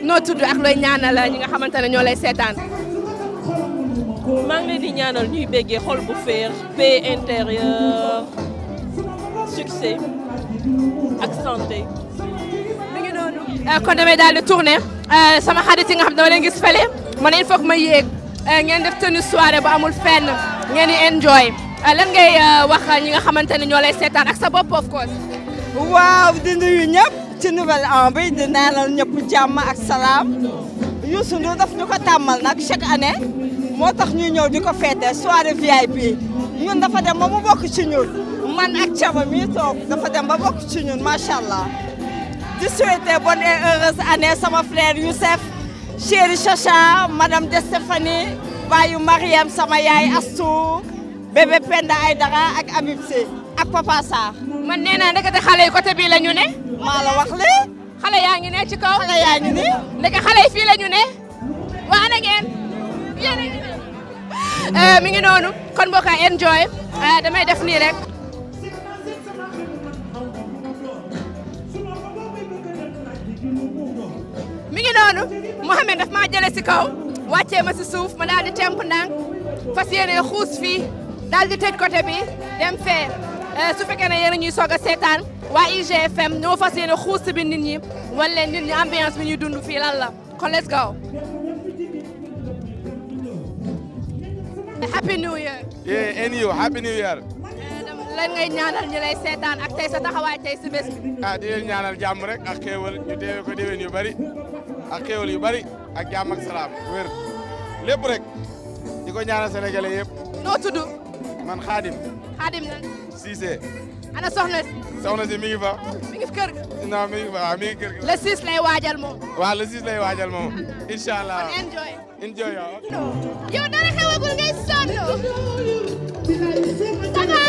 noo tudd ak looy ñaanal ñi nga xamante ne ñoo lay seetaan. maa ngi di ñaanal ñuy béggee xol bu féer paix intérieure succès ak santé. mi euh, daal di tourner euh, sama xarit yi nga xam dama leen gis fële ma ne il faut ma yéeg euh, ngeen def tenue soirée bu amul fenn ngeen di enjoy. Euh, lan ngay euh, wax ñi nga xamante ne ñoo seetaan ak sa bopp of course. waaw di nuyu ñëpp ci nouvelle an bi di naanal ñëpp jàmm ak salaam Youssou Ndour daf ñu ko tàmmal nag chaque année moo tax ñuy ñëw di ko féete soirée VIP ñun dafa dem ba mu bokk ci ñun man ak caba mi toog dafa dem bokk ci ñun macha di souhaiter bonne et heureuse année sama frère Youssef chéri Chacha madame de Stéphanie baayu sama yaay Astou bébé Penda ay dara ak Habib Sy ak Papa Sarr. man nee naka te xale côté bi lañu ne. maa la wax lé xale yaa ngi ne ci kaw. xale yaa ngi ne. ndeke xale fi lañu ne. wa na ngeen. euh mi ngi nonu kon boka enjoy euh damay def ni rek. mi ngi nonu mohammed daf ma jele ci kaw wacce ma ci souf ma dal di temp ndànk fasiyene yéene fi daal di tëj côté bi dem fee euh, su fekkee ne yéen a ñuy soog a seetaan waa IGFM ñoo fas yéene bi nit ñi wan dund fii lan la kon let's go. happy new year. yeah and happy new year. Euh, lan ngay ñaanal ñu seetaan ak tey sa taxawaay tey si bés ah, di ñaanal jàmm rek ak xéewal yu bari ak xéewal yu salaam wér lépp rek di ko ñaanal sénégalais yëpp. noo tudd. من خادم خادم سيسي انا سوخنا سوخنا سي ميغي فا ميغي في كرك نا ميغي فا ميغي كرك لا سيس لاي واجال مو وا لا سيس لاي واجال ان شاء الله انجوي انجوي يو دا خاوا بول غاي سونو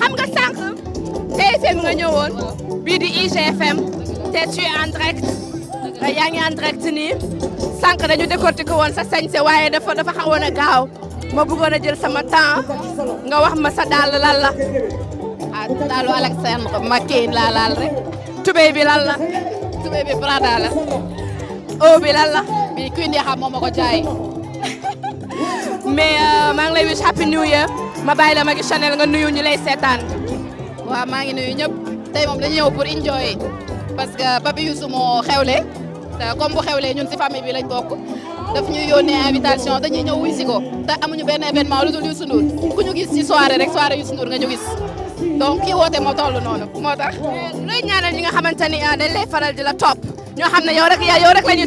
xam nga tay TFM nga ñëwoon bii di IGFM te tu es en direct yaa ngi en direct nii sank dañu décortiqué woon sa sañse waaye dafa dafa xawoon a gaaw ma bëggoon a jël sama temps nga wax ma sa dàll lan la ah dàllu Alexandre McQueen laa laal rek tubéy bi lan la tubéy bi Prada la o bi lan la bi Queen Yaxa moo ma ko jaay mais euh, maa ngi lay wish happy new year ma bàyyi la Maguette Chanel nga nuyu ñu lay seetaan. waaw maa ngi nuyu ñëpp tey moom dañu ñëw pour enjoy parce que Papi Youssou moo xewle te comme bu xewlee ñun si famille bi lañ bokk daf ñuy yónnee invitation dañuy ñëw wuy si ko te amuñu benn événement lu dul Youssou Ndour ku ñu gis ci soirée rek soirée Youssou Ndour nga ñu gis. donc kii woote moo toll noonu moo tax eh, looy ñaanal ñi nga xamante ni ah, dañ lay faral di la topp ñoo xam ne yow rek yow rek la ñuy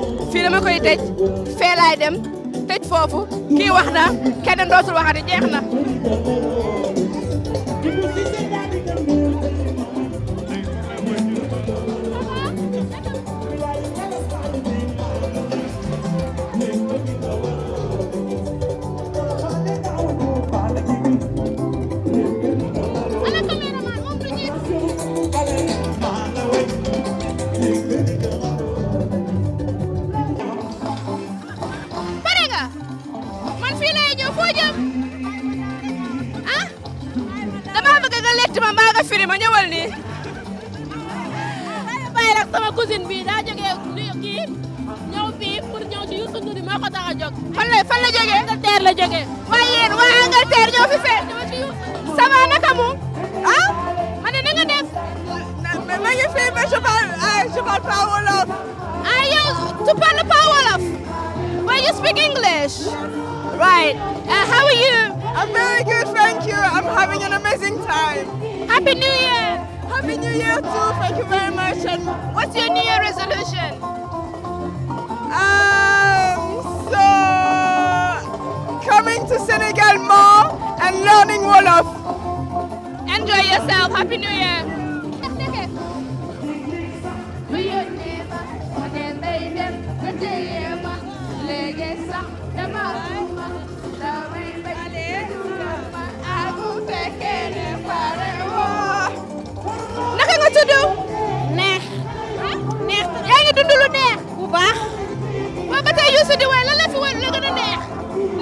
fii dama koy tëj fee dem tëj foofu kii wax na kenn dootul waxati jeex na ma jëm ah dama bëgg nga lekk ma mbaa nga firi ma sama cousine bi daa jógee kii ñëw fii pour ñëw ci Youssou Ndour moo ko tax fan la fan la la ah ma na nga def ma ngi fii mais je parle je parle pas wolof tu parles pas wolof you speak English Right. Uh, how are you? I'm very good, thank you. I'm having an amazing time. Happy New Year! Happy New Year too, thank you very much. And what's your New Year resolution? Um, so, coming to Senegal more and learning Wolof. Enjoy yourself. Happy New Year.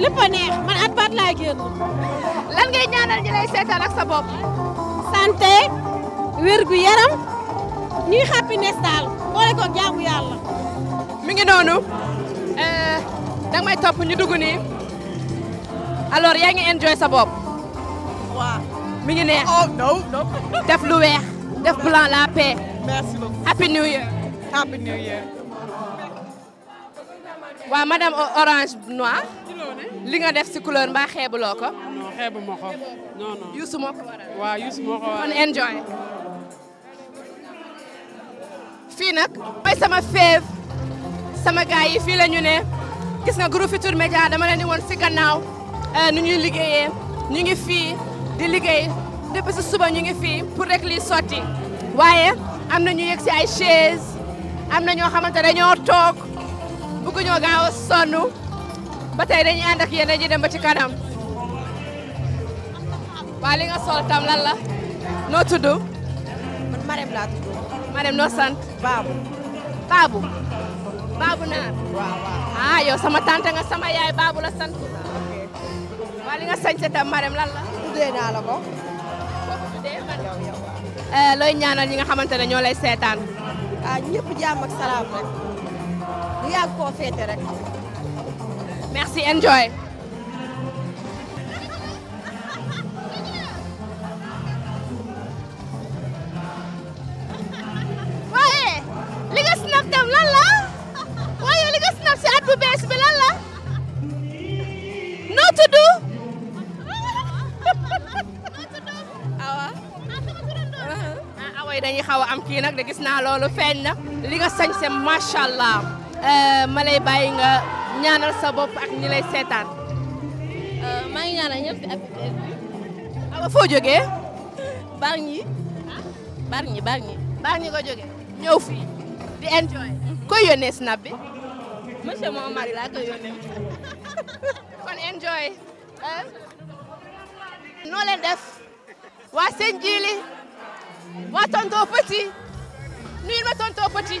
lépp man at baat laa lan ngay ñaanal ñi lay seetaan ak sa bopp. santé wér gu yaram ñuy happiness daal boole ko jaamu yàlla. mi ngi eh, may ñu dugg alors enjoy sa bopp. waaw mi ngi neex. oh no, no. def lu weex def blanc la paix. merci beaucoup happy new year. happy new year. waaw madame orange noir li nga def si couleur mbaa xeebuloo ko. non xeebu ma ko non non. Youssou moo ko waral waaw Youssou moo ko waral kon enjoy. fii nag mooy sama feev sama gaay yi fii la ñu ne gis nga groupe Futurs Médias dama leen di woon si gannaaw euh, nu ñuy liggéeyee ñu ngi fii di liggéey depuis si suba ñu ngi fii pour rek lii sotti waaye am na ñu yëg si ay chaise am na ñoo xamante dañoo toog. bëgguñoo gaaw a sonn ba tey dañuy ànd ak dem ba ci kanam waa li nga sol tam lan la noo tudd. man laa tudd. Marème noo sant. Baabu. Baabu. Baabu naar. Ah, sama tante nga sama yaay Baabu la sant. waa li nga tam Marème lan la. tuddee naa la ko. Eh, looy ñaanal ñi nga xamante ne ñoo lay seetaan. ah ñëpp jàmm ak salaam rek. ñu yàgg koo rek. merci enjoy. waaye li nga snap tam lan waaye li nga snap si at bi lan noo tudd. awa. ah awa dañuy xaw a am kii nag de gis naa loolu feeñ na li nga sañse macha allah. Eh, malay bay nga ñaanal sa bop ak ñi lay euh eh, ma ngi ñaanal ñepp ak awa ah, fo joggé bar ñi bar ñi bar ñi. bar ñi joggé ñew fi di enjoy. ko yone snap bi. monsieur mo mari la ko yone kon enjoy. no len def. wa seen jili wa tonto petit. ma tonto petit.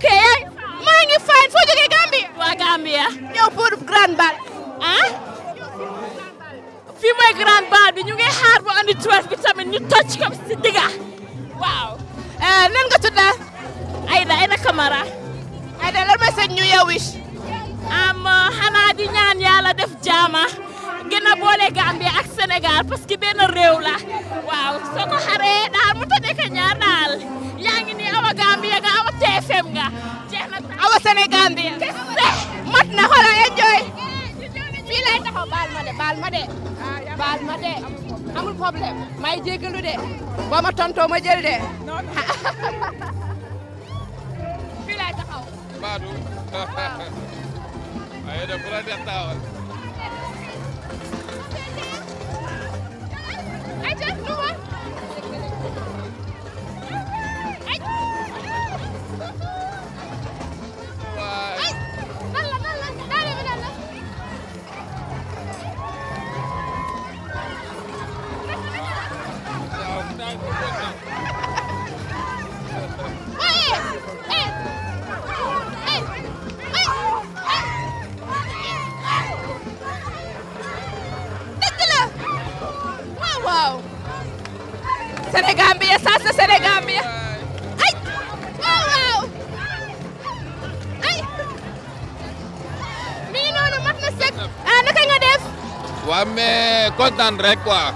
ok maa ngi fine foo jógee Gambia. waa Gambia. ñëw pour Grand Bal. ah. fii mooy Grand Bal bi ñu ngi bu andi 12 ñu toj ko si digga waaw. Eh, nan nga tudd daal. Aida Aida Camara. Aida lan mooy sa am xanaa di ñaan yàlla def jaama. gën boole Gambia ak Sénégal parce que benn réew la waaw soo ko xaree daal mu tëddee ka daal. awa Sénégal bi mat na xoolal enjoy fii lay taxaw baal ma de baal ma de baal ma problème may jéggalu de boo ma tontoo ma jël de Gambia sasa Gambia. ay Wow, wow. ay mi ngi noonu mat na sëkk ah naka nga def waaw mais kontaan rek quoi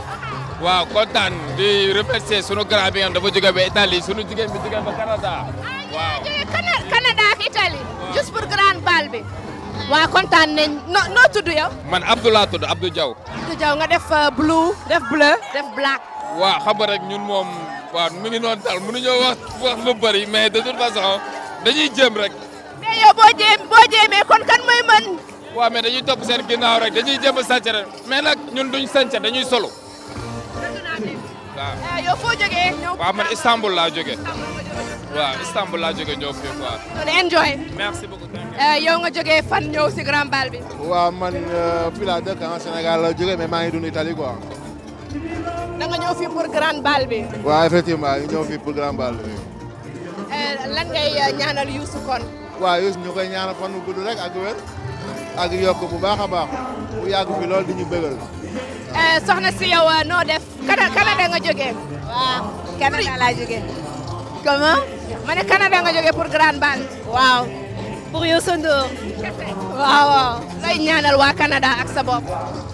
di remercier sunu Gambia, bi nga dafa jóge ba sunu juga bi jóge ba Canada waaw Canada ak Italy. juste pour grand bal bi waaw kontaan nañ no, noo tudd yow man Abdullah laa tudd Abdou Diaw Abdou Diaw nga def uh, blue def bleu def black Wah, xam yang rek ñun waaw mu ngi noonu daal mënuñoo wax wax lu bëri mais de toute façon dañuy jëm rek. mais yow boo jéem boo jéemee kon kan mooy mën. waaw mais dañuy seen rek dañuy a rek mais nag ñun duñ sànc dañuy solo. Eh, ah yow foo jógee. waaw man Istanbul laa jógee. waaw Istanbul laa jógee ñëw fii quoi. enjoy. merci beaucoup. Eh, yow nga jógee fan ñëw Grand Bal bi. waaw man euh, fii laa dëkk en ah, Sénégal laa jógee mais ngi dund Italie quoi da nga ñëw fii pour grande balle bi. waaw effectivement ñu ñëw fii pour grande balle bi. Eh, lan ngay eh, ñaanal Youssou kon. waaw Youssou ñu koy ñaanal fan bu di ñu bëggal. Eh, soxna si yow noo def. Canada Canada nga jógee. waaw Canada laa jógee. comment. ma ne Canada nga jógee pour grande Wow waaw. pour Wow Ndour. waaw waaw. looy ñaanal waa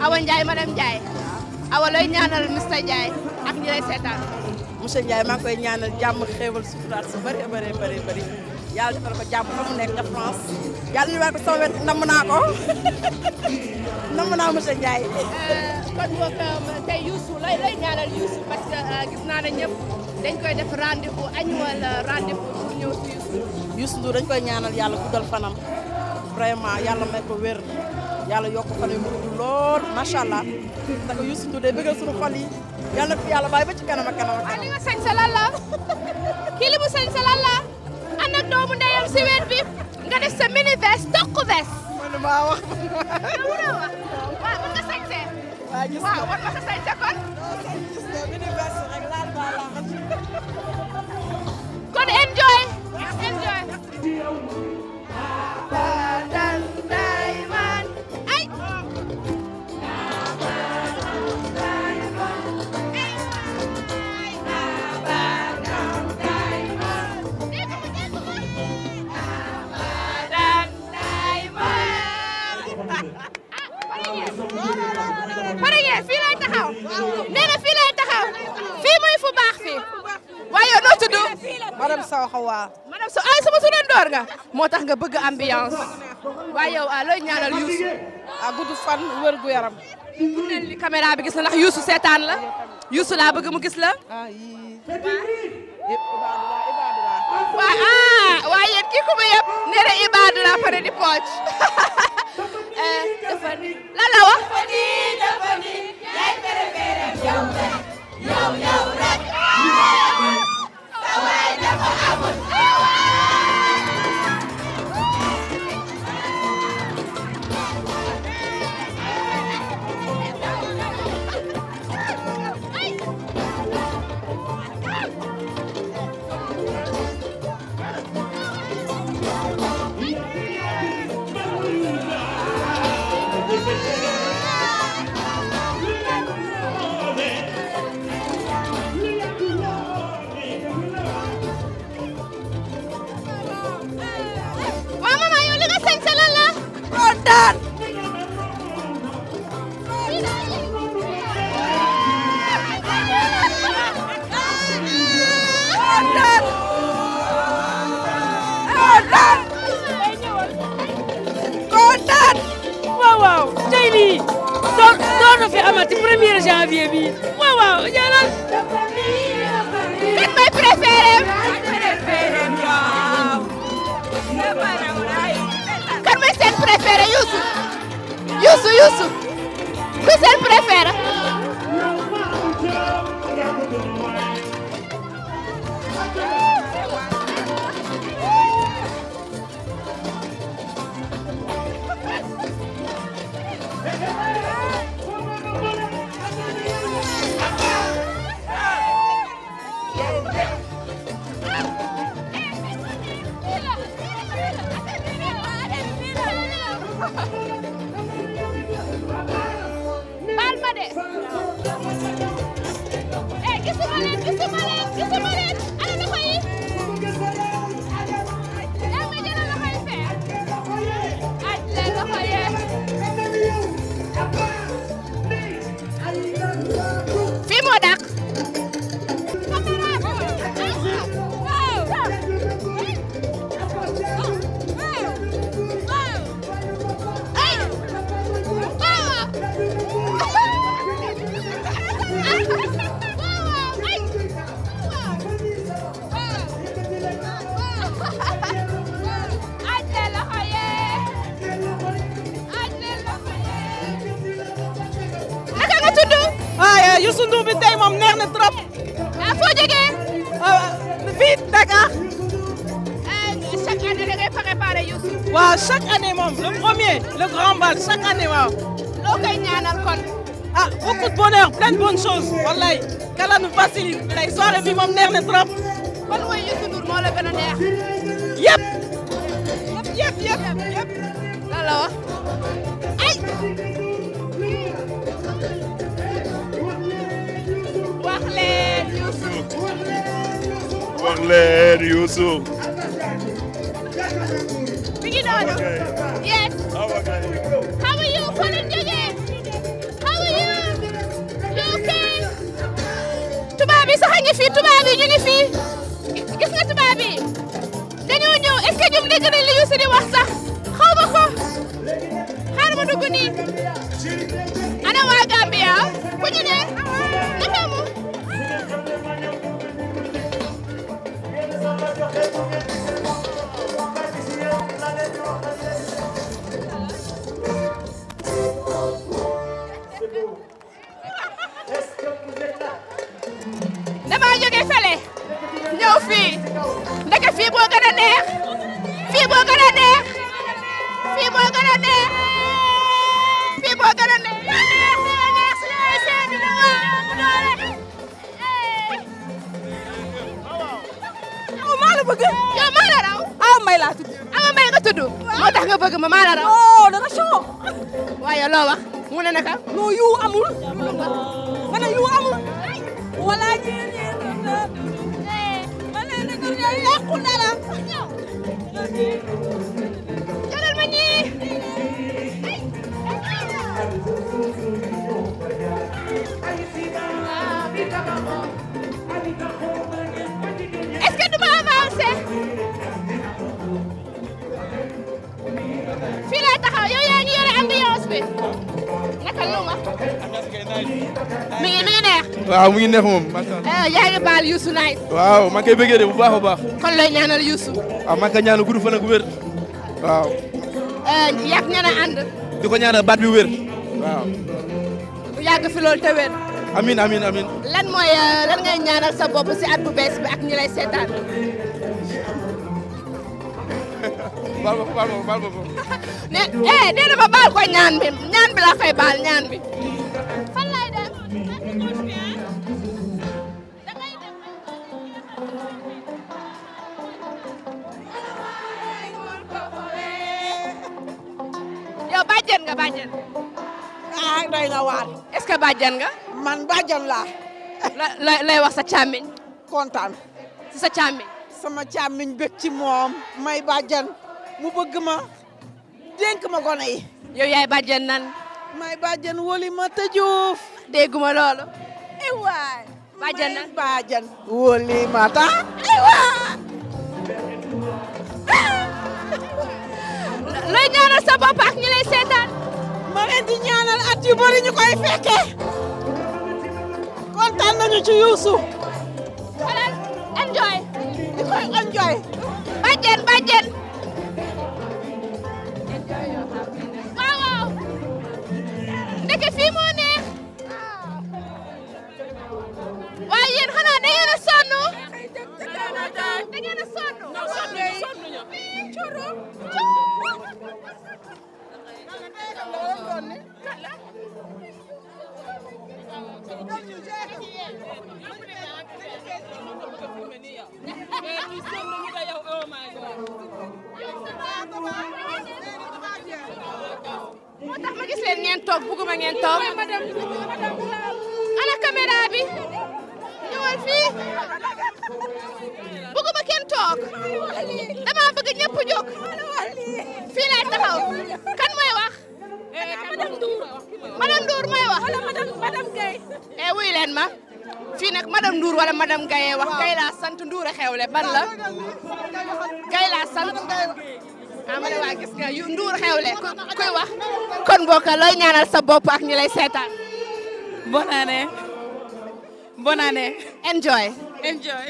Awa Ndiaye madame Ndiaye awa looy ñaanal monsieur ak ñi seetaan. monsieur Ndiaye maa ngi koy ñaanal jàmm xéewal suturaat su bëree bëri bëri bëri yàlla ko jàmm fa France yàlla ñu ko sama wet namm naa ko namm naa monsieur euh, euh, looy looy ñaanal Youssou parce que euh, gis naa dañ koy def rendez-vous añ wala rendez-vous pour ñëw dañ koy ñaanal yàlla guddal fanam vraiment yàlla may ko wér. yàlla yokk fan yu mu gudd lool macha allah da ko Youssou Ndour de bëggal suñu xol yi yàlla fi yàlla bàyyi ba ci kanam ak kanam ak kanam. li nga sañ sa lan la kii li mu sañ sa lan la ànd ak doomu ndeyam si wet bi nga def sa mini veste toq veste. man maa wax. waaw waaw mën nga sañ see. waaw gis nga waaw wan ma sa sañ sa kon. gis nga mini veste rek laal baa laa kon enjoy enjoy. nee na fii lay taxaw fii mooy fu baax fii waaye noo tudd madame Sow Xawa madame Sow ay sama surandoor nga moo tax nga bëgg ambiance waaye yow ah, looy ñaanal Youssou a ah, gudd fan wër gu yaram bu neen li gis la ndax Youssou seetaan la Youssou laa bëgg mu gis la waa ah, ah kii ku ma yëpp nee na Ibadou laa pare di pooc eh, dafa lan la wax Yo, yo, yo, Mama, de primeira já havia vi. Uau, uau, já lá. Quem vai preferir? Quem vai ser prefere, Yusu? Yusu, Yusu. Quem ser prefere? ¡Eh, que se malen, que se malen, que se malen! si tey soirée bi moom neex na trop. kon mooy Youssou Ndour moo la gën a neex. yëpp. yëpp yëpp yëpp. lan la wax. ay. wax leen Youssou. wax leen Youssou. mi ngi mi ngi neex. waaw mi ngi neex moom macha allah. Eh, yaa ngi baal Youssou naay. waaw maa ngi koy bëggee de bu baax a baax. kon looy ñaanal Youssou. waaw maa ngi ñaanal waaw. Eh, ñaanal baat bi waaw. bu fi te amin amin amin lan mooy eh, lan ngay ñaanal sa bopp si at bu bees bi ak ñi lay seetaan. baal ma baal ma baal ma. nee na ko ñaan bi ñaan bi ñaan bi. bàjjan nga bàjjan. ah na waar. est-ce que bàjjan nga. man bàjjan laa. la lay wax sa càmmiñ. kontaan. si sa càmmiñ. sama càmmiñ bëgg ci moom. may bàjjan mu bëgg ma dénk ma gone yow yaay bàjjan nan. may bàjjan wóoli ma te Juuf. dégguma loolu. aywa. bàjjan nan ma ta aywa. looy ñaanal sa bopp ak ñi lay seetaan. ma leen di ñaanal at yu bëri ñu koy fekkee kontaan enjoy. di koy enjoy. bàjjen bàjjen. waaw waaw. ndeke fii moo da ngeen a sonn. non sonn ñu sonn ñu. coro tax ma gis leen ngeen toog bëgguma ngeen toog. ana caméra bi ñëwal fii. bëgguma kenn toog dama bëgg ñëpp jóg fii kan mooy wax madame Ndour madame wax wala madame Gaye eh ma fii nag madame Ndour wala madame Gaye wax Gaye sant Ndour a xewle ban la Gaye sant ama ah, ne waa gis nga yu Ndour xewle kuy wax kon bokka looy ñaanal sa bopp ak ñi seetaan bonne année enjoy enjoy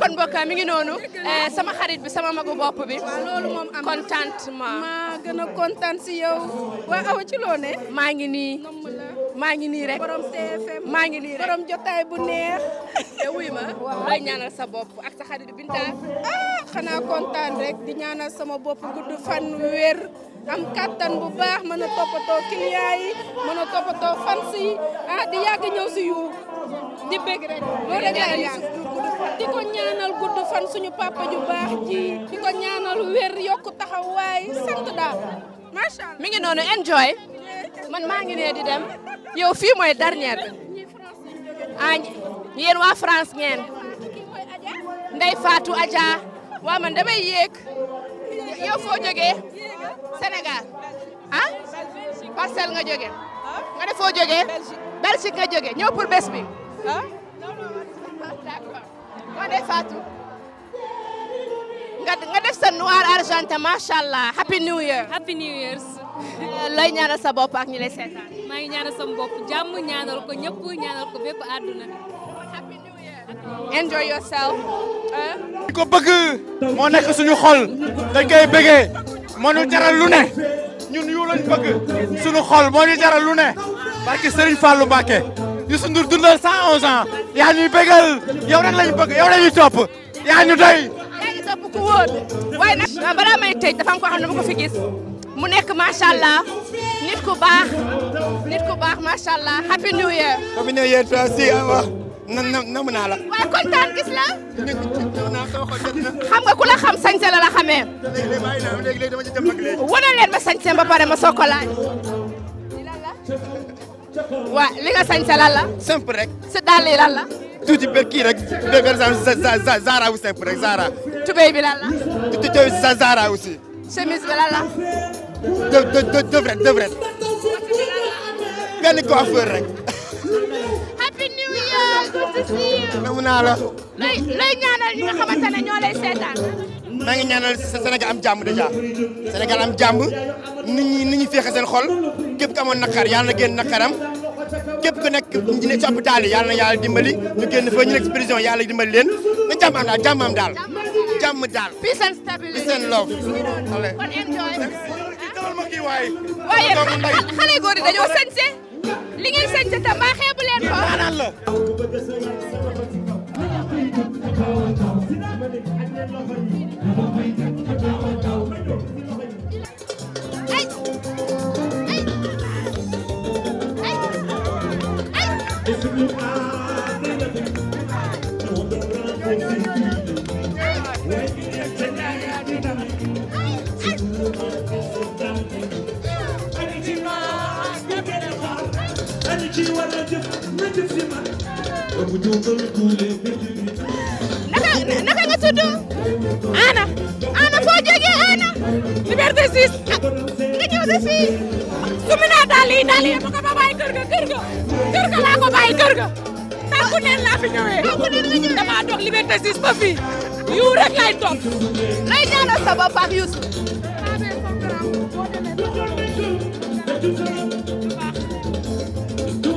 kon mbokk mi ngi noonu eh, sama xarit bi sama magu bopp bi. waaw loolu moom am contentement. maa gën a kontaan si yow. waa awa ci loo maa ngi nii. maa ngi nii rek borom TFM maa ngi nii rek borom jotaay bu neex. te wuy ma lay ñaanal sa bopp ak sa xarit Binta ah xanaa kontaan rek di ñaanal sama bopp gudd fan wér am kattan bu baax mën a toppatoo client mën a toppatoo fans yi ah di yàgg ñëw si yu di bëgg rek di ko ñaanal gudd fan suñu papa baax ji di ko ñaanal wér yokku taxawaay sant daal macha allah ngi noonu enjoy. man maa ngi nee di dem yow fii mooy dernière bi ah yéen waa France ngeen Ndey Fatou Adja waa man damay yéeg yow foo jógee Sénégal ah parcelle nga jógee nga ne foo jógee Belgique nga jógee ñëw pour bés bi ah d'accord waa Ndey Fatou nga def sa noir argentin macha allah happy new year happy new Year. Euh, looy ñaanal sa bopp ak ñi lay seetaan. maa ngi ñaanal sama bopp jàmm ñaanal ko ñëpp ñaanal ko bépp àdduna. happy new year. enjoy euh? ko bëgg moo nekk suñu xol dañ koy bëggee moo ñu jaral lu ne ñun yu lañ bëgg suñu xol moo ñu jaral lu ne barke Serigne Fallou Mbacké Youssou Ndour dundal 111 ans yaa ñuy bëggal yow rek lañ bëgg yow lañuy topp yaa ñu doy. yaa ñu topp ku wóor waaye nag balaa may tëj dafa ko xam ne dama ko fi mu nekk macha allah nit ku baax nit ku baax macha allah happy new year. happy new year toi aussi ah, wax na na naa la. waaye kontaan gis la. xam nga ku la xam sañse la la xamee. wane leen ma sañse ba pare ma soog ko li nga sañse lan la. simple rek. sa dàll yi lan la. tuuti per kii rek per zara wu simple rek zara. tubéy bi lan la. tuuti sa zara aussi. chemise bi lan la. dë dë dë dëvret dëvret benn coiffeur rek. happy new year good naa la. ñaanal ñi nga xamante ne ñoo lay seetaan. maa ngi ñaanal Sénégal am jàmm dèjà Sénégal am jàmm nit ñi nit ñi féexe seen xol képp ku amoon naqar yàlla na génn naqaram képp ku nekk ñu ne ci hôpital yi yàlla na yàlla dimbali ñu génn fa ñu nekk prison yàlla dimbali leen na jàmm am daal jàmm am daal. jàmm and love. waay waaye xale góor yi dañoo sañse li ngeen sañse tam mbaa xeebu leen ko daanaan la ay ay ay ci a jëf na jëf si man bu jógal tuule naka naka nga ana ana foo ana liberté 6 ah, nga ñëw si fii sumi naa daal yi daal yi ma ko fa bàyyi kër ga kër ga kër ga laa ko bàyyi kër ga laa fi ñëwee tànku neen nga ñëwee damaa dox liberté 6 ba fii yu rek lay topp lay ñaanal sa bopp ak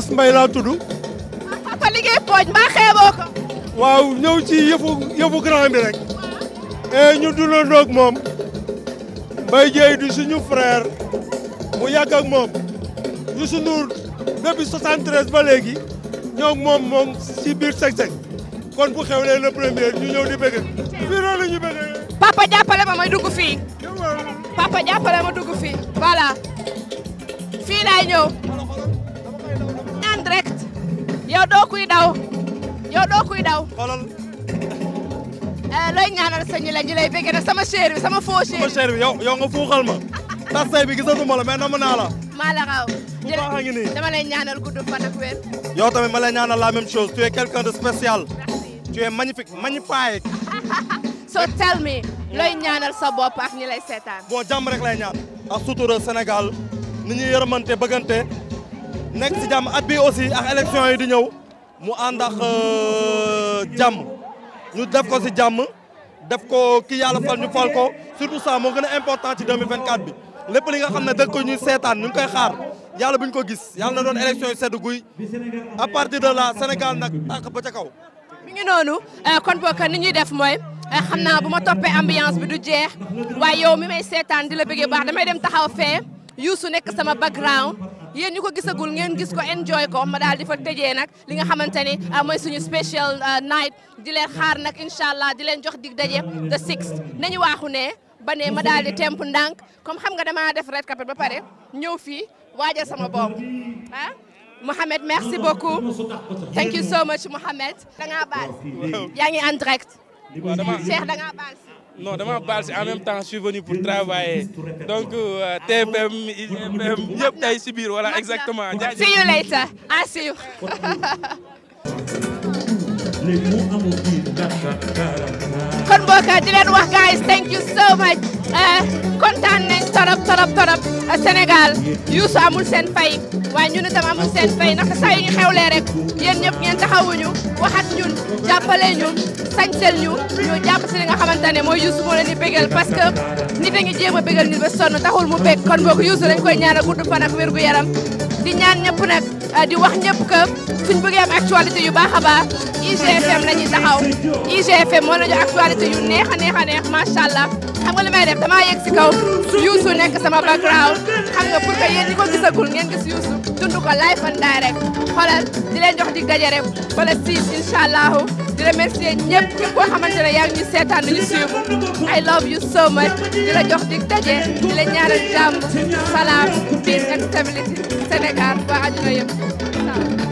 As Mbaye laa tudd. liggéey pooj mbaa waaw ñëw ci yëfu yëfu grand bi rek. Eh, ñu dundandoog moom. Mbaye Dièye di suñu frère. mu yàgg ak moom. ñu suñu depuis 73 ba léegi. moom moom si biir seg-seg. kon bu xewlee le premier ñu ñëw di bëgg. fii loolu ma may dugg fii. dañu lay bëgg nag sama cher sama faux chéri. sama chéri bi yow yow nga fuuxal ma. tas say bi gisatuma la mais namm naa la. maa la raw. bu baax a ngi nii dama lay ñaanal gudd fan ak wér. yow tamit ma lay ñaanal la même chose tu es quelqu'un de spécial. merci tu es magnifique magnifique. so tell me. looy ñaanal sa bopp ak ñi lay seetaan. bon jàmm rek lay ñaan. ak sutura Sénégal ni ñuy yërmante bëggante nekk si jàmm at bi aussi ak élection yi di ñëw mu ànd ak euh, jàmm ñu def ko si jàmm. def ko ki yàlla fal ñu fal ko surtout ça mo gëna important ci 2024 bi lepp li nga xamné ne dëkk ko ñuy seetaan ñu koy xaar yalla buñ ko gis yalla na doon élection yu sedd guy à partir de là Sénégal nak tànk ba ca kaw. mi ngi nonu euh, kon boog ni ñuy def moy euh, xamna buma topé ambiance bi du jeex waaye yow mi may seetaan di la bëggee baax damay dem taxaw fee Youssou nek sama background. yéen ñu ko gisagul ngeen gis ko enjoy ko ma daal di fa tëjee nag li nga xamante ni ah, mooy suñu special ah, night di leen xaar nak incha allah di leen jox dig daje the sixth nañu waaxu ne ba ne ma daal di temp ndànk comme xam nga damaa def red carpet ba pare ñëw fii waajal sama boobu ah Mohamed merci beaucoup thank you so much Mohamed da ngaa baal yaa ngi en direct Cheikh baal Non, de ma part, en même temps, je suis venu pour travailler. Donc, euh, TFM, IFM, Yop Sibir, voilà, exactement. See you later. I ah, see you. kon mbokk di leen wax guys thank you so much eh, kontaan nañ torop torop torop eh, Sénégal yuusu amul seen fay waaye ñun itam amul seen fay ndax saa xewlee rek yéen ñëpp ngeen taxawuñu waxat ñun jàppale ñu sañsel ñu ñu jàpp si li nga xamante ne mooy yuusu moo leen di bégal parce que nit a ngi jéem taxul mu bég kon yuusu lañ koy ñaanal gudd fan ak wér yaram di ñaan ñëpp nag euh, di wax ñëpp que suñ bëggee am yu baax a baax IGFM la ñuy taxaw IGFM moo la ñu actualité yu neex a neex a neex macha allah xam nga li may def damaa yegg si kaw Youssou nekk sama background xam nga pour que yéen ñi ko ngeen gis Youssou dund ko and direct xoolal di leen jox di gajere wala siis incha allahu di remercier ñëpp képp koo xamante ne yaa seetaan nañu suivre I love you so di la jox di daje di la ñaanal jàmm salaam Sénégal ba àdduna yëpp